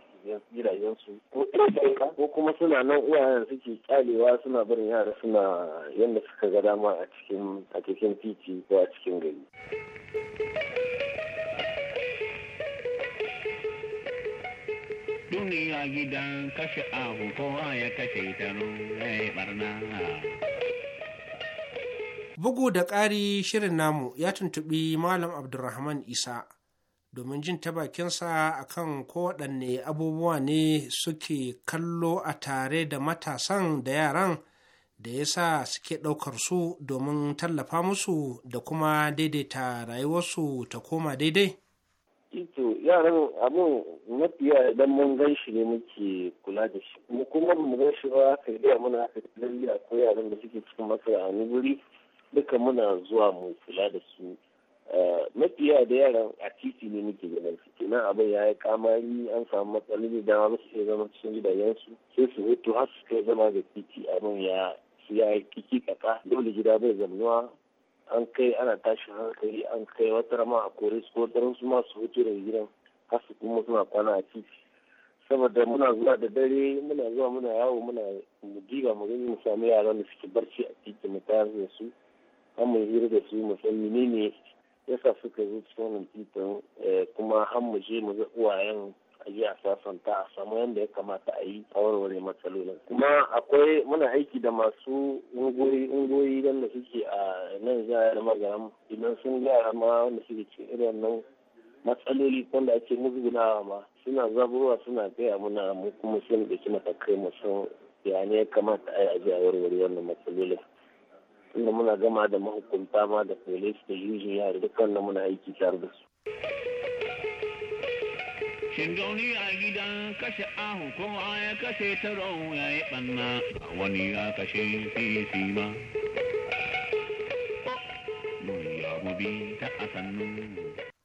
gidajensu ko ko kuma suna nan uwayen suke kyalewa suna barin yara suna yadda suka ga dama a cikin a cikin titi ko a cikin gari. Duniya gidan kashe abu kowa ya kashe ita ya barna. Bugu da ƙari shirin namu ya tuntuɓi Malam Abdulrahman Isa. domin jin ta bakinsa a kan kowaɗanne abubuwa ne suke kallo a tare da matasan da yaran da ya sa suke ɗaukar su domin tallafa musu da kuma daidaita rayuwarsu ta koma daidai? Ito yaran abin mafiya idan mun gan shi ne muke kula da shi. Mu kuma mu gan shi ba aka yi muna aka lalle akwai yaran da suke cikin matsala a wani guri duka muna zuwa mu kula da su mafiya da yaran a titi ne muke ganin su kenan abin ya yi kamari an samu matsalin da dama su zama cikin gidajensu sai su mutu har su kai zama da titi abin ya ya yi kiki kaka dole gida bai zamuwa an kai ana tashi hankali an kai wata rama a kore su wata su ma su hutu daga gidan har su kuma suna kwana a titi saboda muna zuwa da dare muna zuwa muna yawo muna mudiga mu gani mu sami yaran da suke barci a titi mu tayar da su an mu hira da su mu san menene yasa suka zo cikin wannan titin eh, kuma an mu je mu ga uwayen a ji a sasanta a samu yadda ya kamata a yi a warware matsalolin kuma akwai muna aiki da masu ungoyi ungoyi don da suke a nan za da magaram idan sun gyara ma wanda suke cikin irin nan matsaloli wanda ake muzgunawa ma suna zaburwa suna gaya muna mu kuma sun da matakai mu san ya ne ya kamata a yi a warware wannan matsalolin inda muna gama da mahukunta ma da police da ya yare dukkan da muna aiki tare da su. Shingauni a gidan kashe ahu kowa ya kashe taron ya yi ɓanna wani ya kashe fifi ma.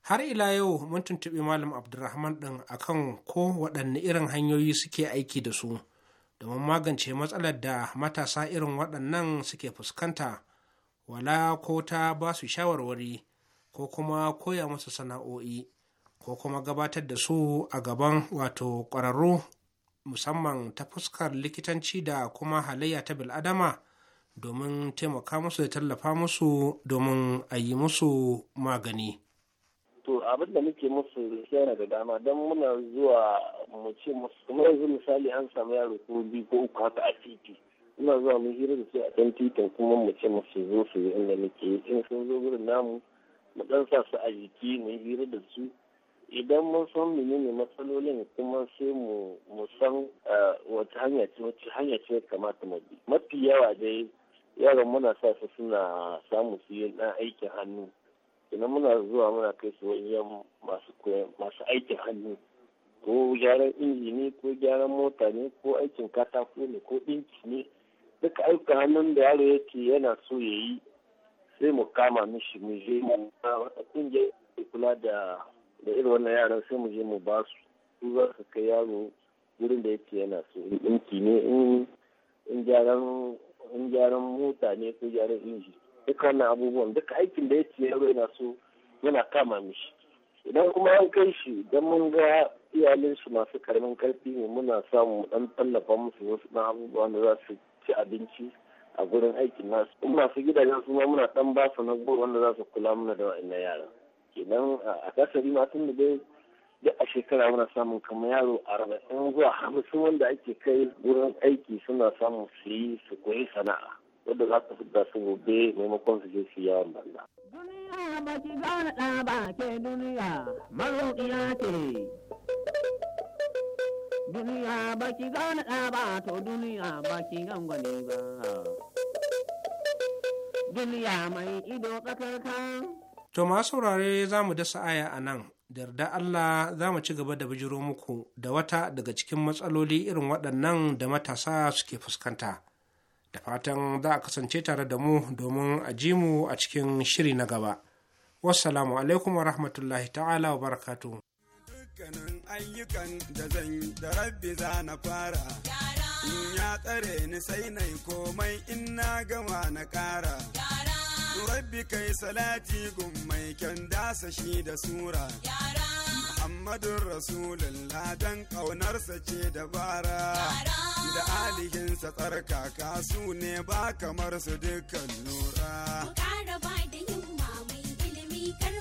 Har ila yau mun tuntuɓi Malam Abdulrahman ɗin akan ko waɗanne irin hanyoyi suke aiki da su. domin magance matsalar da matasa irin waɗannan suke fuskanta wala ko ta ba su shawarwari ko kuma koya musu sana'o'i ko kuma gabatar da su a gaban wato ƙwararru musamman ta fuskar likitanci da kuma halayya ta bil'adama domin taimaka musu da tallafa musu domin a yi musu magani. to abin da muke musu yana da dama don muna zuwa mu ce musu kuma yanzu misali an samu yaro ko biyu ko uku haka a titi muna zuwa mu hira da su a kan titin kuma mu ce musu zo su yi inda muke in sun zo gurin namu mu dan sa su a jiki mu hira da su idan mun san menene matsalolin kuma sai mu mu san eh, wata hanya ce wacce hanya ce kamata mu bi mafi yawa dai yaron muna sa su suna samu su yi dan aikin hannu idan muna zuwa muna kai su wajen masu aikin hannu ko gyaran injini ko gyaran mota ne ko aikin katako ne ko ɗinki ne duka aikin hannun da yaro yake yana so ya yi sai mu kama mishi mu je mu ƙungiyar kula da da irin wannan yaran sai mu je mu ba su su za su kai yaro wurin da yake yana so in ɗinki ne in gyaran mota ne ko gyaran inji dukkanin abubuwan duk aikin da ya yake yaro yana so yana kama mishi idan kuma an kai shi idan mun ga iyalin su masu karamin karfi ne muna samu dan tallafa musu wasu na abubuwan da za su ci abinci a gurin aikin nasu in masu gidajen su ma muna dan ba na goro wanda za su kula muna da wa'annan yaran idan a kasari ma tun da dai duk a shekara muna samun kamar yaro arba'in zuwa hamsin wanda ake kai gurin aiki suna samun su yi su koyi sana'a wadda za ka fita su gobe maimakon su je su yawon balla. Duniya ba ki gane ɗa ke duniya maroƙiya ce. Duniya ba ki gane ɗa ba to duniya ba ki ba. Duniya mai ido tsakarka. To ma saurare za mu dasa aya a nan. Da yarda Allah za mu ci gaba da bijiro muku da wata daga cikin matsaloli irin waɗannan da matasa suke fuskanta. da fatan za a kasance tare da mu domin a ji mu a cikin shiri na gaba wassalamu alaikum wa rahmatullahi ta'ala wa barakatuhu dukkanin ayyukan da zan da rabbi za na fara in ya tsare ni sai na yi komai in na gama na ƙara rabbi kai salati gun kyan dasa shi da sura yara Muhammadun Rasulullah dan ƙaunarsa ce dabara. Da alihinsa tsarkaka su ne ba kamar su dukkan nura. Zana da yin mamai ilimi kar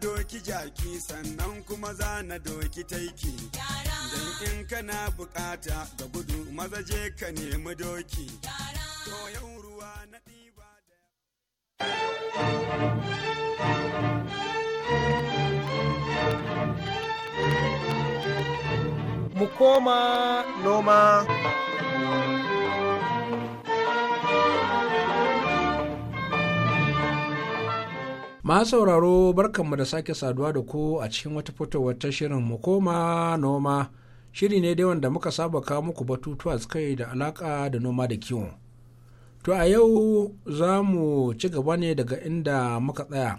doki jaki sannan kuma zana doki taiki. Yara. in kana bukata ga gudu maza je ka nemi doki. Koyon ruwa na ɗiba da. Mu koma noma. Masu sauraro barkanmu da sake saduwa da ku a cikin wata fitowar ta shirin mu koma noma. Shiri ne dai wanda muka saba kawo muku batutuwa suka da alaka da noma da kiwo. To a yau za mu ci gaba ne daga inda muka tsaya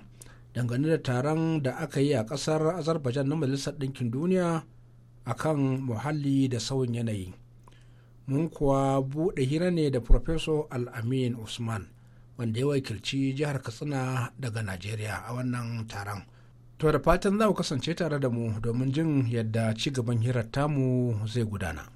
dangane da taron da aka yi a ƙasar azerbaijan na majalisar ɗinkin duniya a kan muhalli da sauyin yanayi mun kuwa buɗe hira ne da professor al-amin usman wanda ya wakilci jihar katsina daga najeriya a wannan taron to da fatan za ku kasance tare da mu domin jin yadda ci gaban hirar tamu zai gudana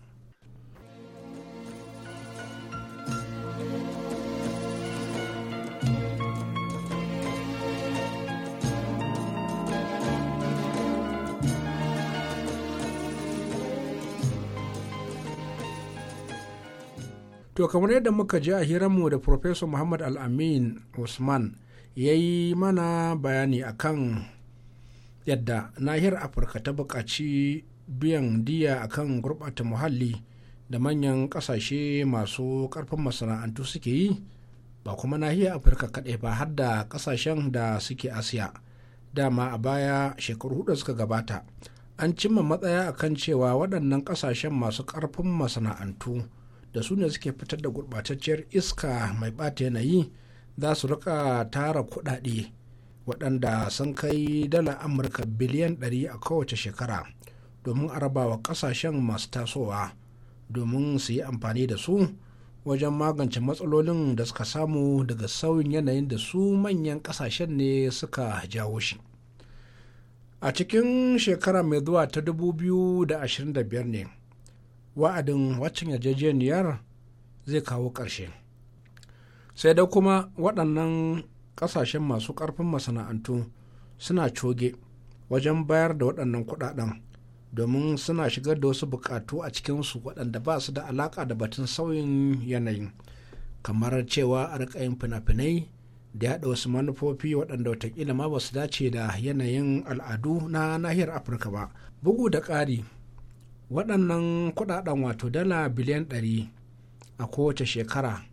to kamar yadda muka ji a hiranmu da professor muhammad al-amin usman ya yi mana bayani akan yadda nahiyar afirka ta buƙaci biyan diya akan gurɓata muhalli da manyan ƙasashe masu ƙarfin masana'antu suke yi ba kuma nahiyar afirka kaɗai ba har da ƙasashen da suke asiya dama a baya shekaru hudu suka gabata an cimma matsaya akan cewa waɗannan ƙasashen masu ƙarfin masana'antu da su ne suke fitar da gurɓatacciyar iska mai ɓata yanayi za su rika tara kuɗaɗe waɗanda sun kai dala amurka biliyan 100 a kowace shekara domin a rabawa ƙasashen masu tasowa domin su yi amfani da su wajen magance matsalolin da suka samu daga sauyin yanayin da su manyan ƙasashen ne suka jawo shi a cikin shekara mai zuwa ta 2025 ne wa'adin waccan yarjejeniyar zai kawo ƙarshe sai dai kuma waɗannan ƙasashen masu ƙarfin masana'antu suna coge wajen bayar da waɗannan kuɗaɗen domin suna shigar da wasu buƙatu a cikinsu waɗanda ba su da alaƙa da batun sauyin yanayin kamar cewa a fina-finai da yaɗa wasu manufofi waɗanda watakila ma ba su dace da yanayin al'adu na nahiyar afirka ba bugu da ƙari waɗannan kuɗaɗen wato dala biliyan ɗari a kowace shekara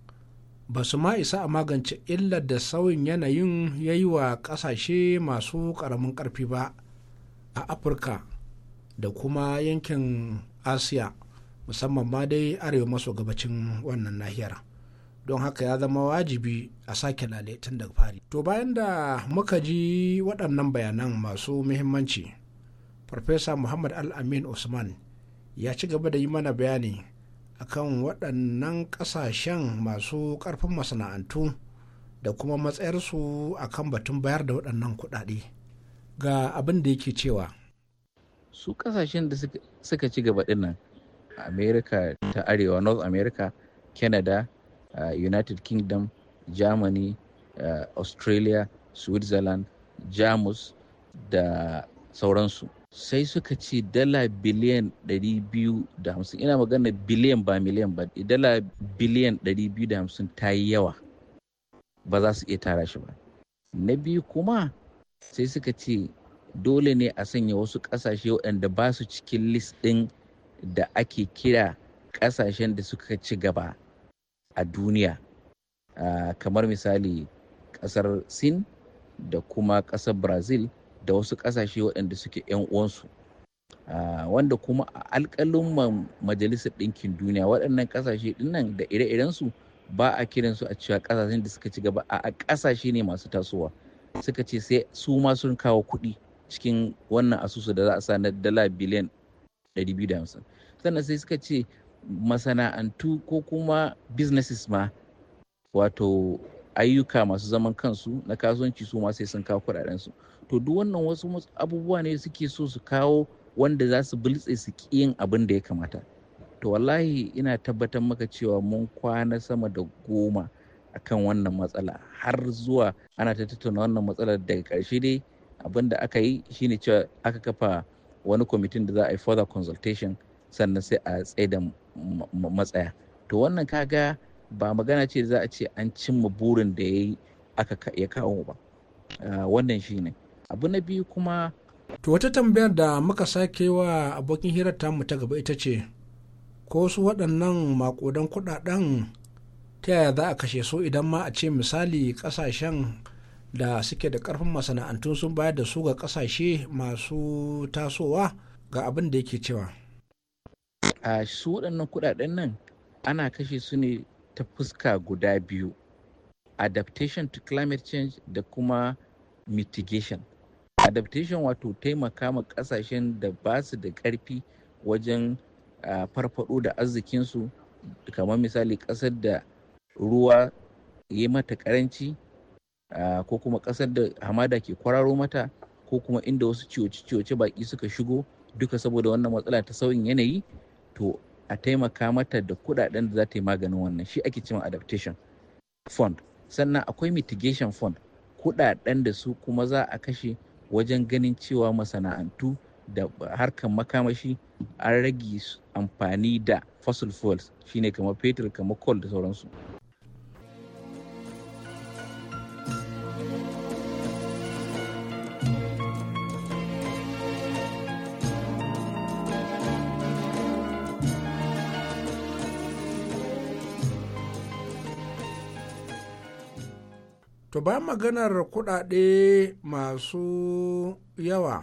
ba su ma isa a magance illar da sauyin yanayin ya yi wa ƙasashe masu ƙaramin ƙarfi ba a afirka da kuma yankin asiya musamman ma dai arewa maso gabacin wannan nahiyar don haka ya zama wajibi a sake tun daga fari to bayan da muka ji waɗannan bayanan masu muhimmanci farfesa muhammad al-amin usman ya ci gaba da yi mana bayani akan waɗannan ƙasashen masu ƙarfin masana'antu da kuma matsayarsu akan batun bayar da waɗannan kuɗaɗe ga abin da yake cewa su ƙasashen da suka ci gaba nan america ta arewa north america canada uh, united kingdom germany uh, australia switzerland jamus da sauransu sai suka ce dala biliyan 250 ina magana biliyan ba miliyan ba dala biliyan 250 ta yi yawa ba za su iya tara shi ba na biyu kuma sai suka ce dole ne a sanya wasu ƙasashe waɗanda ba su cikin list ɗin da ake kira ƙasashen da suka ci gaba a duniya ah, kamar misali ƙasar sin da kuma ƙasar brazil da wasu ƙasashe waɗanda suke 'yan uwansu ah, wanda kuma a alƙalin majalisar ɗinkin duniya waɗannan ƙasashe ɗinnan da ire-irensu ba a kiran su a cewa ƙasashen da suka ci gaba a a ƙasashe ne masu tasowa suka ce sai su ma sun kawo kuɗi cikin wannan asusu da za a sa na dala biliyan 250 sannan sai suka ce masana'antu ko kuma businesses ma wato ayyuka masu zaman kansu na kasuwanci su ma sai sun kawo kuɗaɗensu to duk wannan wasu abubuwa ne suke so su kawo wanda za su bultse su yin abin da ya kamata to wallahi ina tabbatar maka cewa mun kwana sama da goma a kan wannan matsala har zuwa ana ta tattauna wannan matsalar daga ƙarshe dai abin da aka yi shine cewa aka kafa wani kwamitin da za a yi further consultation sannan sai a da matsaya to wannan kaga ba magana ce za a ce an cimma burin da ya kawo ba ah, wannan shine abu na biyu kuma to wata tambayar da muka sake wa abokin hirar mu ta gaba ita ce ko su waɗannan makudan kuɗaɗen ta yaya za a kashe su idan ma a ce misali ƙasashen da suke da karfin masana'antu sun bayar da su ga ƙasashe masu tasowa ga abin da yake cewa a su waɗannan kuɗaɗen nan ana kashe su ne ta fuska guda biyu adaptation to climate change da kuma mitigation adaptation wato taimaka ma kasashen da ba su da karfi wajen farfado da arzikinsu kamar misali kasar da ruwa ya mata karanci ko kuma kasar da hamada ke kwararo mata ko kuma inda wasu ciwoce-ciwoce baƙi suka shigo duka saboda wannan matsala ta sauyin yanayi to a taimaka mata da kudaden da za ta yi maganin wannan shi ake cewa adaptation fund sannan akwai mitigation fund kudaden da su kuma za a kashe wajen ganin cewa masana'antu da harkar makamashi an rage amfani da fossil fuels shine kamar fetur kamar coal da sauransu to ba maganar kuɗaɗe masu yawa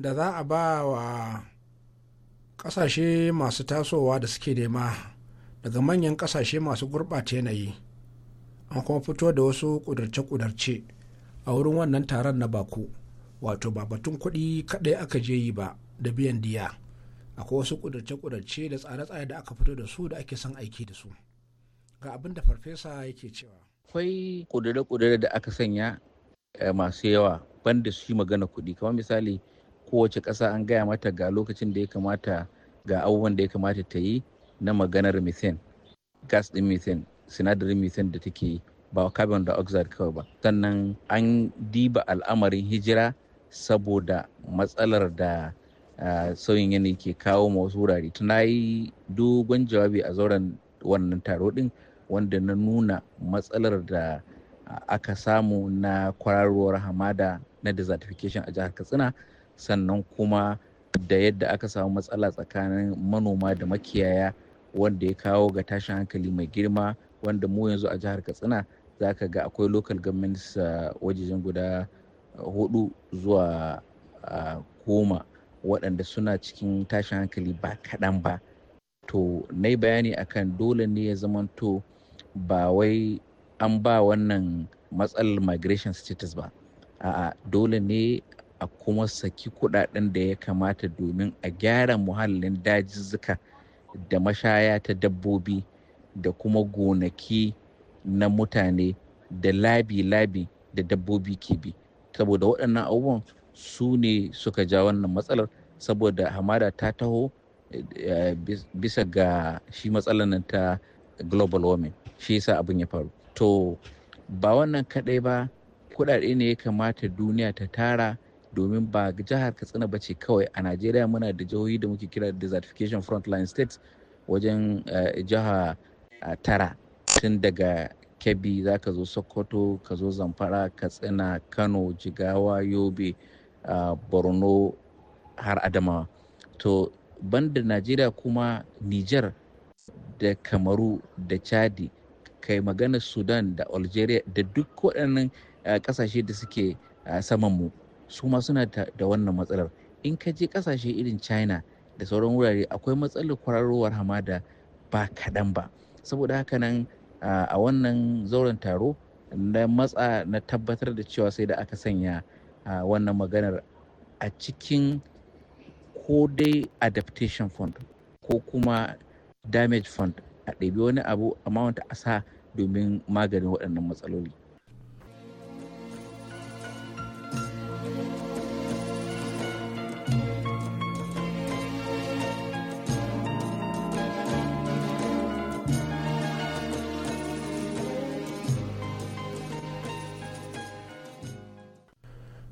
da za a ba wa ƙasashe masu tasowa da suke nema daga manyan ƙasashe masu gurɓata yanayi an kuma fito da wasu kudurce-kudurce a wurin wannan taron na baku wato ba batun kuɗi kaɗai aka je yi ba da biyan diya akwai wasu kudurce-kudurce da tsare-tsare da aka fito da su da ake son aiki da su ga abin da farfesa yake cewa akwai kudure-kudure da aka sanya eh, masu yawa banda shi magana kuɗi kamar misali kowace ƙasa an gaya mata ga lokacin da ya kamata ga abubuwan da ya kamata ta yi na maganar methane gas ɗin methane sinadarin methane da take ba carbon dioxide kawai ba sannan an diba al'amarin hijira saboda matsalar da eh, sauyin yanayi ke kawo ma wasu wurare tana yi dogon jawabi a zauren wannan taro ɗin wanda na nuna matsalar da aka samu na kwararowar hamada na desertification a jihar katsina sannan kuma da yadda aka samu matsala tsakanin manoma da makiyaya wanda ya kawo ga tashin hankali mai girma wanda mu yanzu a jihar katsina za ka ga akwai local governments uh, wajejen guda hudu zuwa uh, goma waɗanda suna cikin tashin hankali ba kaɗan ba to na yi bayani akan dole ne ya zamanto ba wai an ba wannan matsalar migration status ba a'a dole ne a kuma saki kudaden da ya kamata domin a gyara muhallin dajizzuka da mashaya ta dabbobi da kuma gonaki na mutane da labi-labi da dabbobi ke bi saboda waɗannan abubuwan su ne suka ja wannan matsalar saboda hamada ta taho eh, eh, bisa ga shi matsalar nan ta global warming shi yasa abin ya faru to ba wannan kaɗai ba kuɗaɗe ne ya kamata duniya ta tara domin ba jihar katsina ba ce kawai a najeriya muna da jihohi da muke kira desertification frontline states wajen eh, jiha eh, tara tun daga kebbi za ka zo sokoto ka zo zamfara katsina kano jigawa yobe eh, borno har adamawa to banda najeriya kuma niger da kamaru da chadi kai magana sudan da algeria da duk waɗannan eh, ƙasashe da suke eh, samanmu su ma suna da wannan matsalar in ka je ƙasashe irin china da sauran wurare akwai matsalar kwararowar hamada ba kaɗan ba saboda haka nan eh, a wannan zauren taro na matsa na tabbatar da cewa sai da aka sanya wannan maganar a cikin ko dai adaptation fund ko kuma damage fund a ɗabi wani abu amount a sa domin maganin waɗannan matsaloli.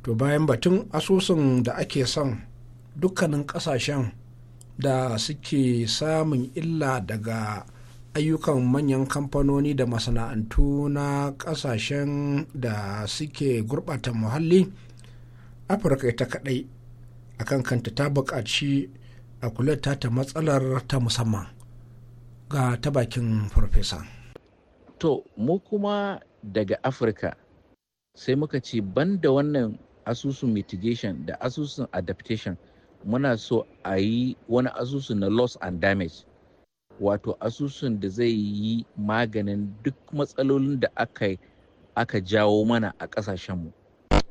to bayan batun asusun da ake son dukkanin ƙasashen da suke samun illa daga ayyukan manyan kamfanoni da masana'antu na kasashen da suke gurɓata muhalli afirka ita kaɗai akan kanta ta buƙaci a kula ta matsalar ta musamman ga ta bakin farfesa to mu kuma daga afirka sai muka ce banda wannan asusun mitigation da asusun adaptation muna so a yi wani asusu na loss and damage wato asusun da zai yi maganin duk matsalolin da aka aka jawo mana a ƙasashenmu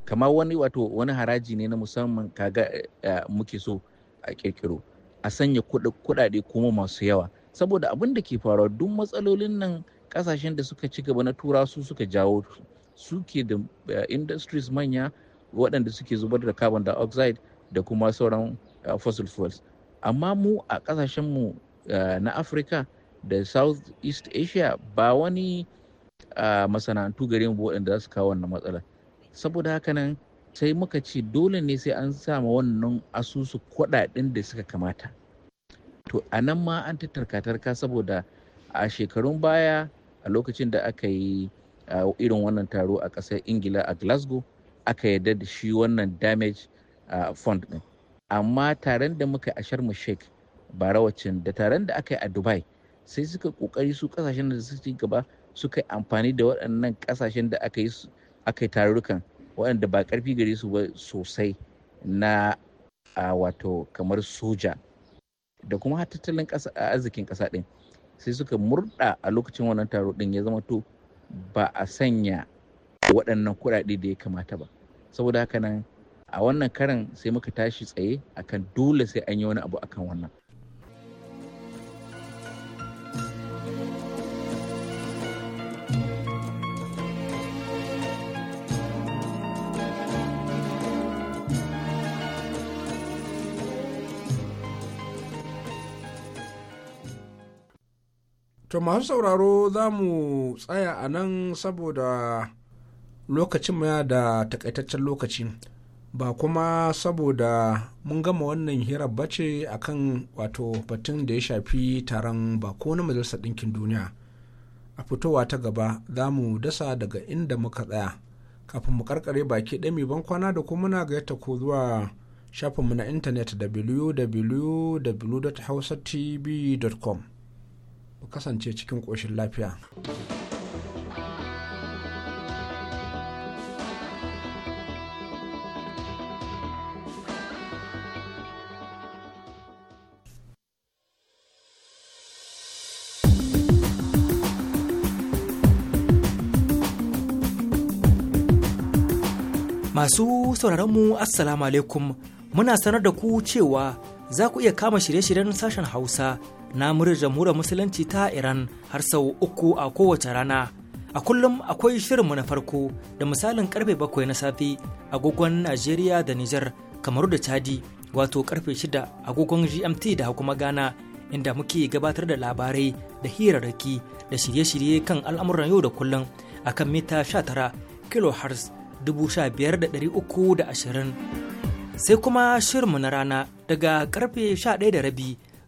kama wani wato wani haraji ne na musamman kaga eh, muke so a ƙirƙiro a sanya kuɗaɗe kuma masu yawa saboda abin da ke faruwa duk matsalolin nan ƙasashen da suka ci gaba na tura su suka jawo su ke da eh, industries manya waɗanda suke zubar da carbon dioxide da kuma sauran eh, fossil fuels amma mu a ƙasashenmu Eh, na afirka da south east asia ba wani eh, masana'antu gare mu waɗanda za su kawo wannan matsala saboda haka nan sai muka ce dole ne sai an sama wannan asusu kwaɗaɗen da suka kamata to a nan ma an ta tarka saboda a shekarun baya a lokacin da aka yi eh, irin wannan taro a ƙasar ingila a glasgow aka yarda da shi wannan damage fund ɗin amma taron da muka a sharma sheikh Barawacin da taron da aka yi a dubai sai suka kokari su kasashen da su ci gaba suka yi amfani da waɗannan kasashen da aka yi tarurrukan waɗanda ba ƙarfi gare su ba sosai na a wato kamar soja da kuma tattalin arzikin ƙasa ɗin sai suka murɗa a lokacin wannan taro ɗin ya zama to ba a sanya waɗannan kuɗaɗe da ya kamata ba saboda haka nan a wannan karan sai muka tashi tsaye akan dole sai an yi wani abu akan wannan to masu sauraro za mu tsaya a nan saboda lokacin ya da takaitaccen lokaci ba kuma saboda mun gama wannan hirar bace akan wato batun da ya shafi taron bako na majalisar ɗinkin duniya a fitowa ta gaba za mu dasa daga inda muka tsaya kafin mu karkare baki ɗami ban kwana da kuma muna gayyata ko zuwa shafinmu na intanet www.hausatv.com ku kasance cikin ƙoshin lafiya. Masu sauraronmu Assalamu alaikum muna sanar da ku cewa za ku iya kama shirye-shiryen sashen Hausa na murar jamhuriyar musulunci ta Iran har sau uku a kowace rana. A kullum akwai shirinmu na farko da misalin karfe bakwai na safe agogon Najeriya da Nijar kamaru da Chadi wato karfe shida agogon GMT da kuma Ghana inda muke gabatar da labarai da hirarraki da shirye-shirye kan al'amuran yau da kullum a kan mita 19 kilohertz 15,320 sai kuma shirinmu na rana daga karfe 11 da rabi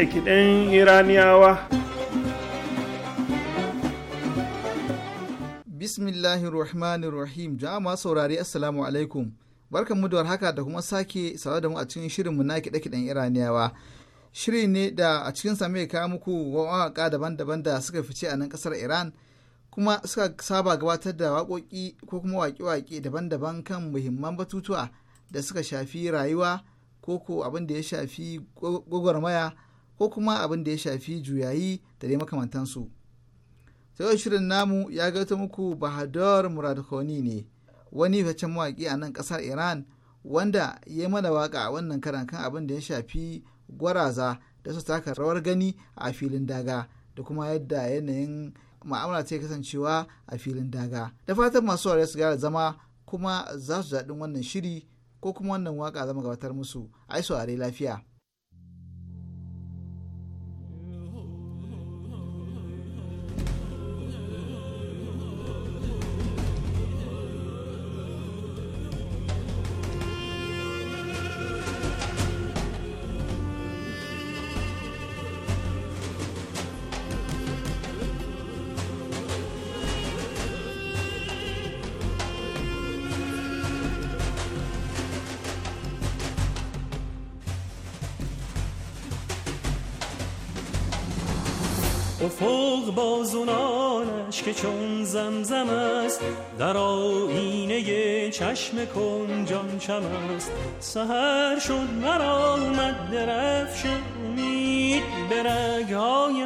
kide-kiden iraniyawa bismillahirrahmanirrahim jama'a saurari assalamu alaikum barkan mu da haka da kuma sake sawa da mu a cikin shirinmu na kiɗe-kiɗen iraniyawa shiri ne da a cikin sa mai muku waƙa daban-daban da suka fice a nan kasar iran kuma suka saba gabatar da waƙoƙi ko kuma waƙe-waƙe daban-daban kan muhimman batutuwa da suka shafi rayuwa ko ko abin da ya shafi gwagwarmaya ko kuma abin da ya shafi juyayi da dai makamantansu sai shirin namu ya gaito muku bahadur murad khoni ne wani facen mawaƙi a nan ƙasar iran wanda ya mana waka a wannan karan kan abin da ya shafi gwaraza da su taka rawar gani a filin daga da kuma yadda yanayin ma'amala ta kasancewa a filin daga da fatan masu wari su gara zama kuma za su daɗin wannan shiri ko kuma wannan waka zama gabatar musu ai saurare lafiya که چون زمزم است در آینه چشم کنجان چم است سهر شد مرا آمد شد امید به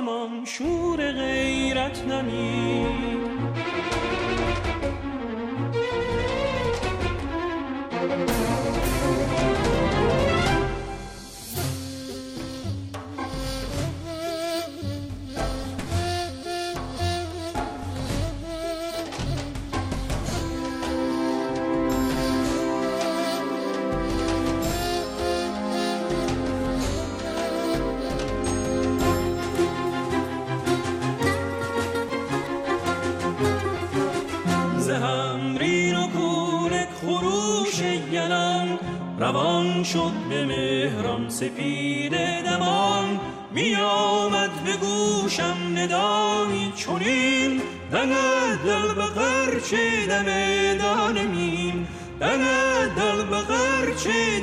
من شور غیرت نمید شد به مهرم سپید دمان می آمد به گوشم ندایی چونین دنه دل بغر چه دمه دانمین دنه دل بغر چه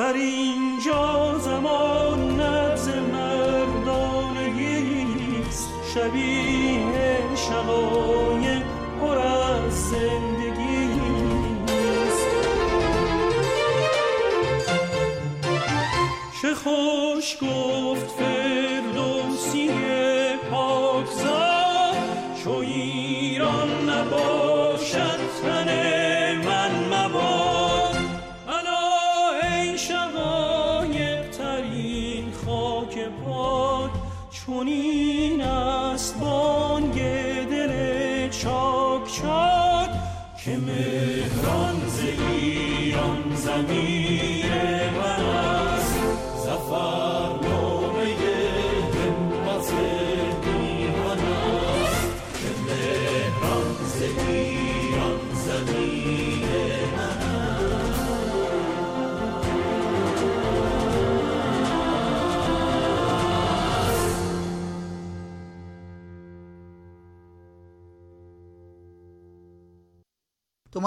بر اینجا زمان نبز مردانگیست شبیه شقایق پر از زندگیست چه خوش گفت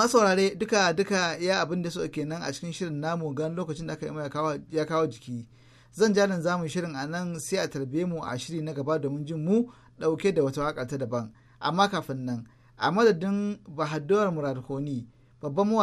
to saurare duka duka ya abin da suka kenan a cikin shirin namu gan lokacin da aka yi ya kawo jiki zan jalin zamu shirin a nan sai a tarbe mu a shiri na gaba domin jin mu ɗauke da wata waka ta daban amma kafin nan a madadin bahadur murad koni babban mu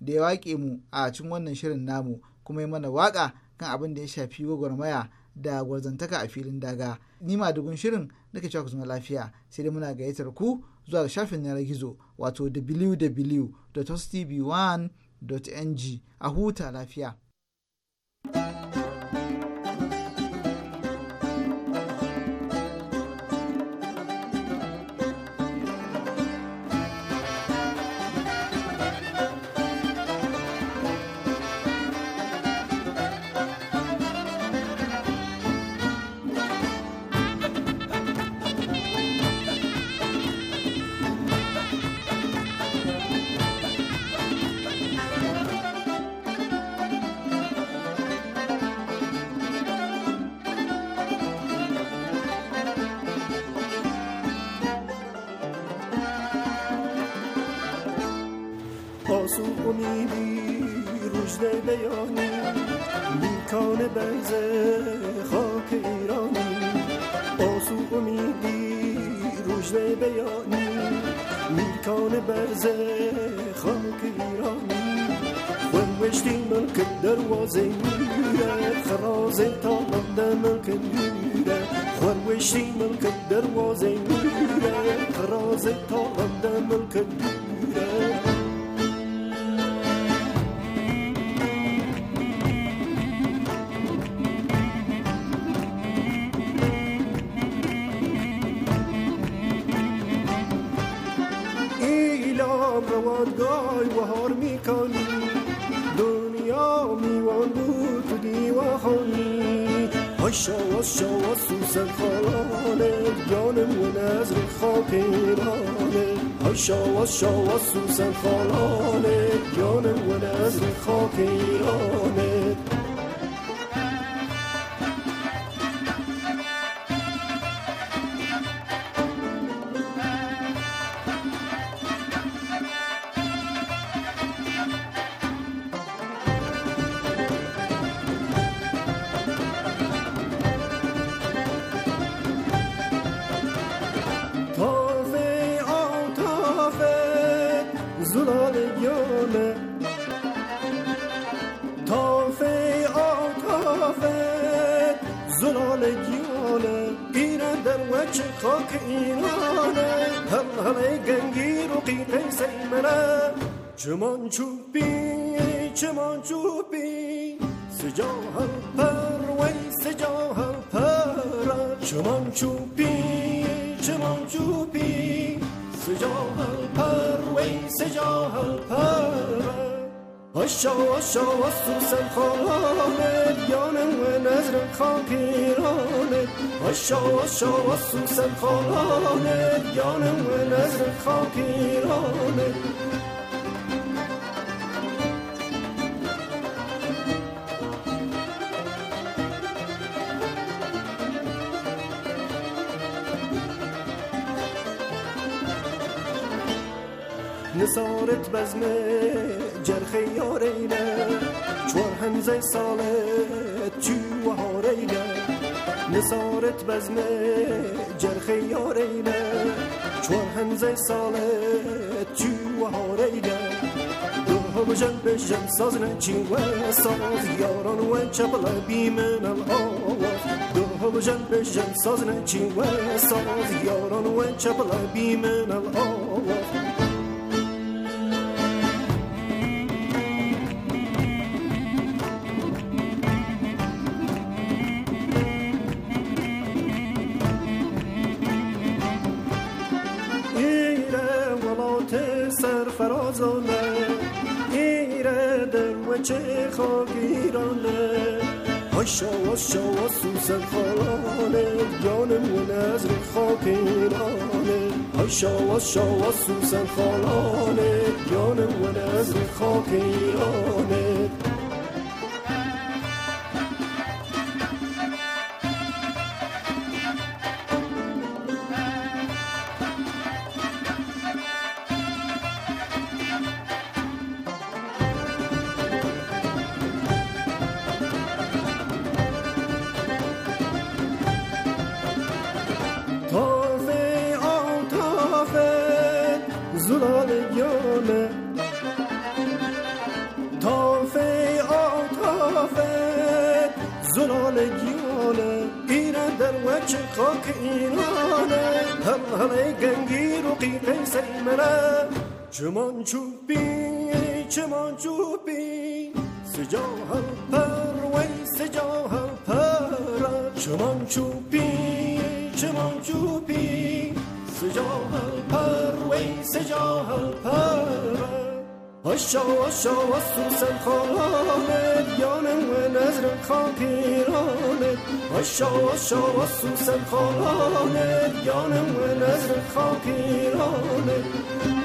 da ya waƙe mu a cikin wannan shirin namu kuma ya mana waka kan abin da ya shafi gwagwarmaya da gwarzantaka a filin daga ni ma dugun shirin nake cewa ku zama lafiya sai dai muna gayyatar ku zuwa ga shafin yanar gizo wato www.tv1.ng a huta lafiya. دروازه تا بندم که دوره خروشی ملک دروازه دوره رازه تا بندم که دوره آشا آشا سوسن خالانه جان من از خاک ایران شما سوسن و جانم نظرم خان پیرانه آشا آشا سوسن من جانم و خان پیرانه نسارت بزم جرخ یارینه زی تو و هارینه نسارت بزمه جرخی یارینه چون هم زی تو و هارینه دو هم جن به جن ساز نچی و ساز یاران و چپل بیمن الآواز دو هم جن به جن ساز نچی و ساز یاران و چپل بیمن الآواز فرازانه ایردم و چه خاگیرانه آشا آشا و سوسن خالانه جانمون از خاک خاکیرانه آشا آشا و سوسن خالانه جانمون از خاک خاکیرانه چمان چوبی چمان چوبی سجاها پر وی سجاها پر چمان چوبی چمان چوبی سجاها پر وی سجاها پر آشا آشا سوسن خاله یانم و نظر خاکیرانت آشا آشا سوسن خاله یانم و نظر خاکیرانت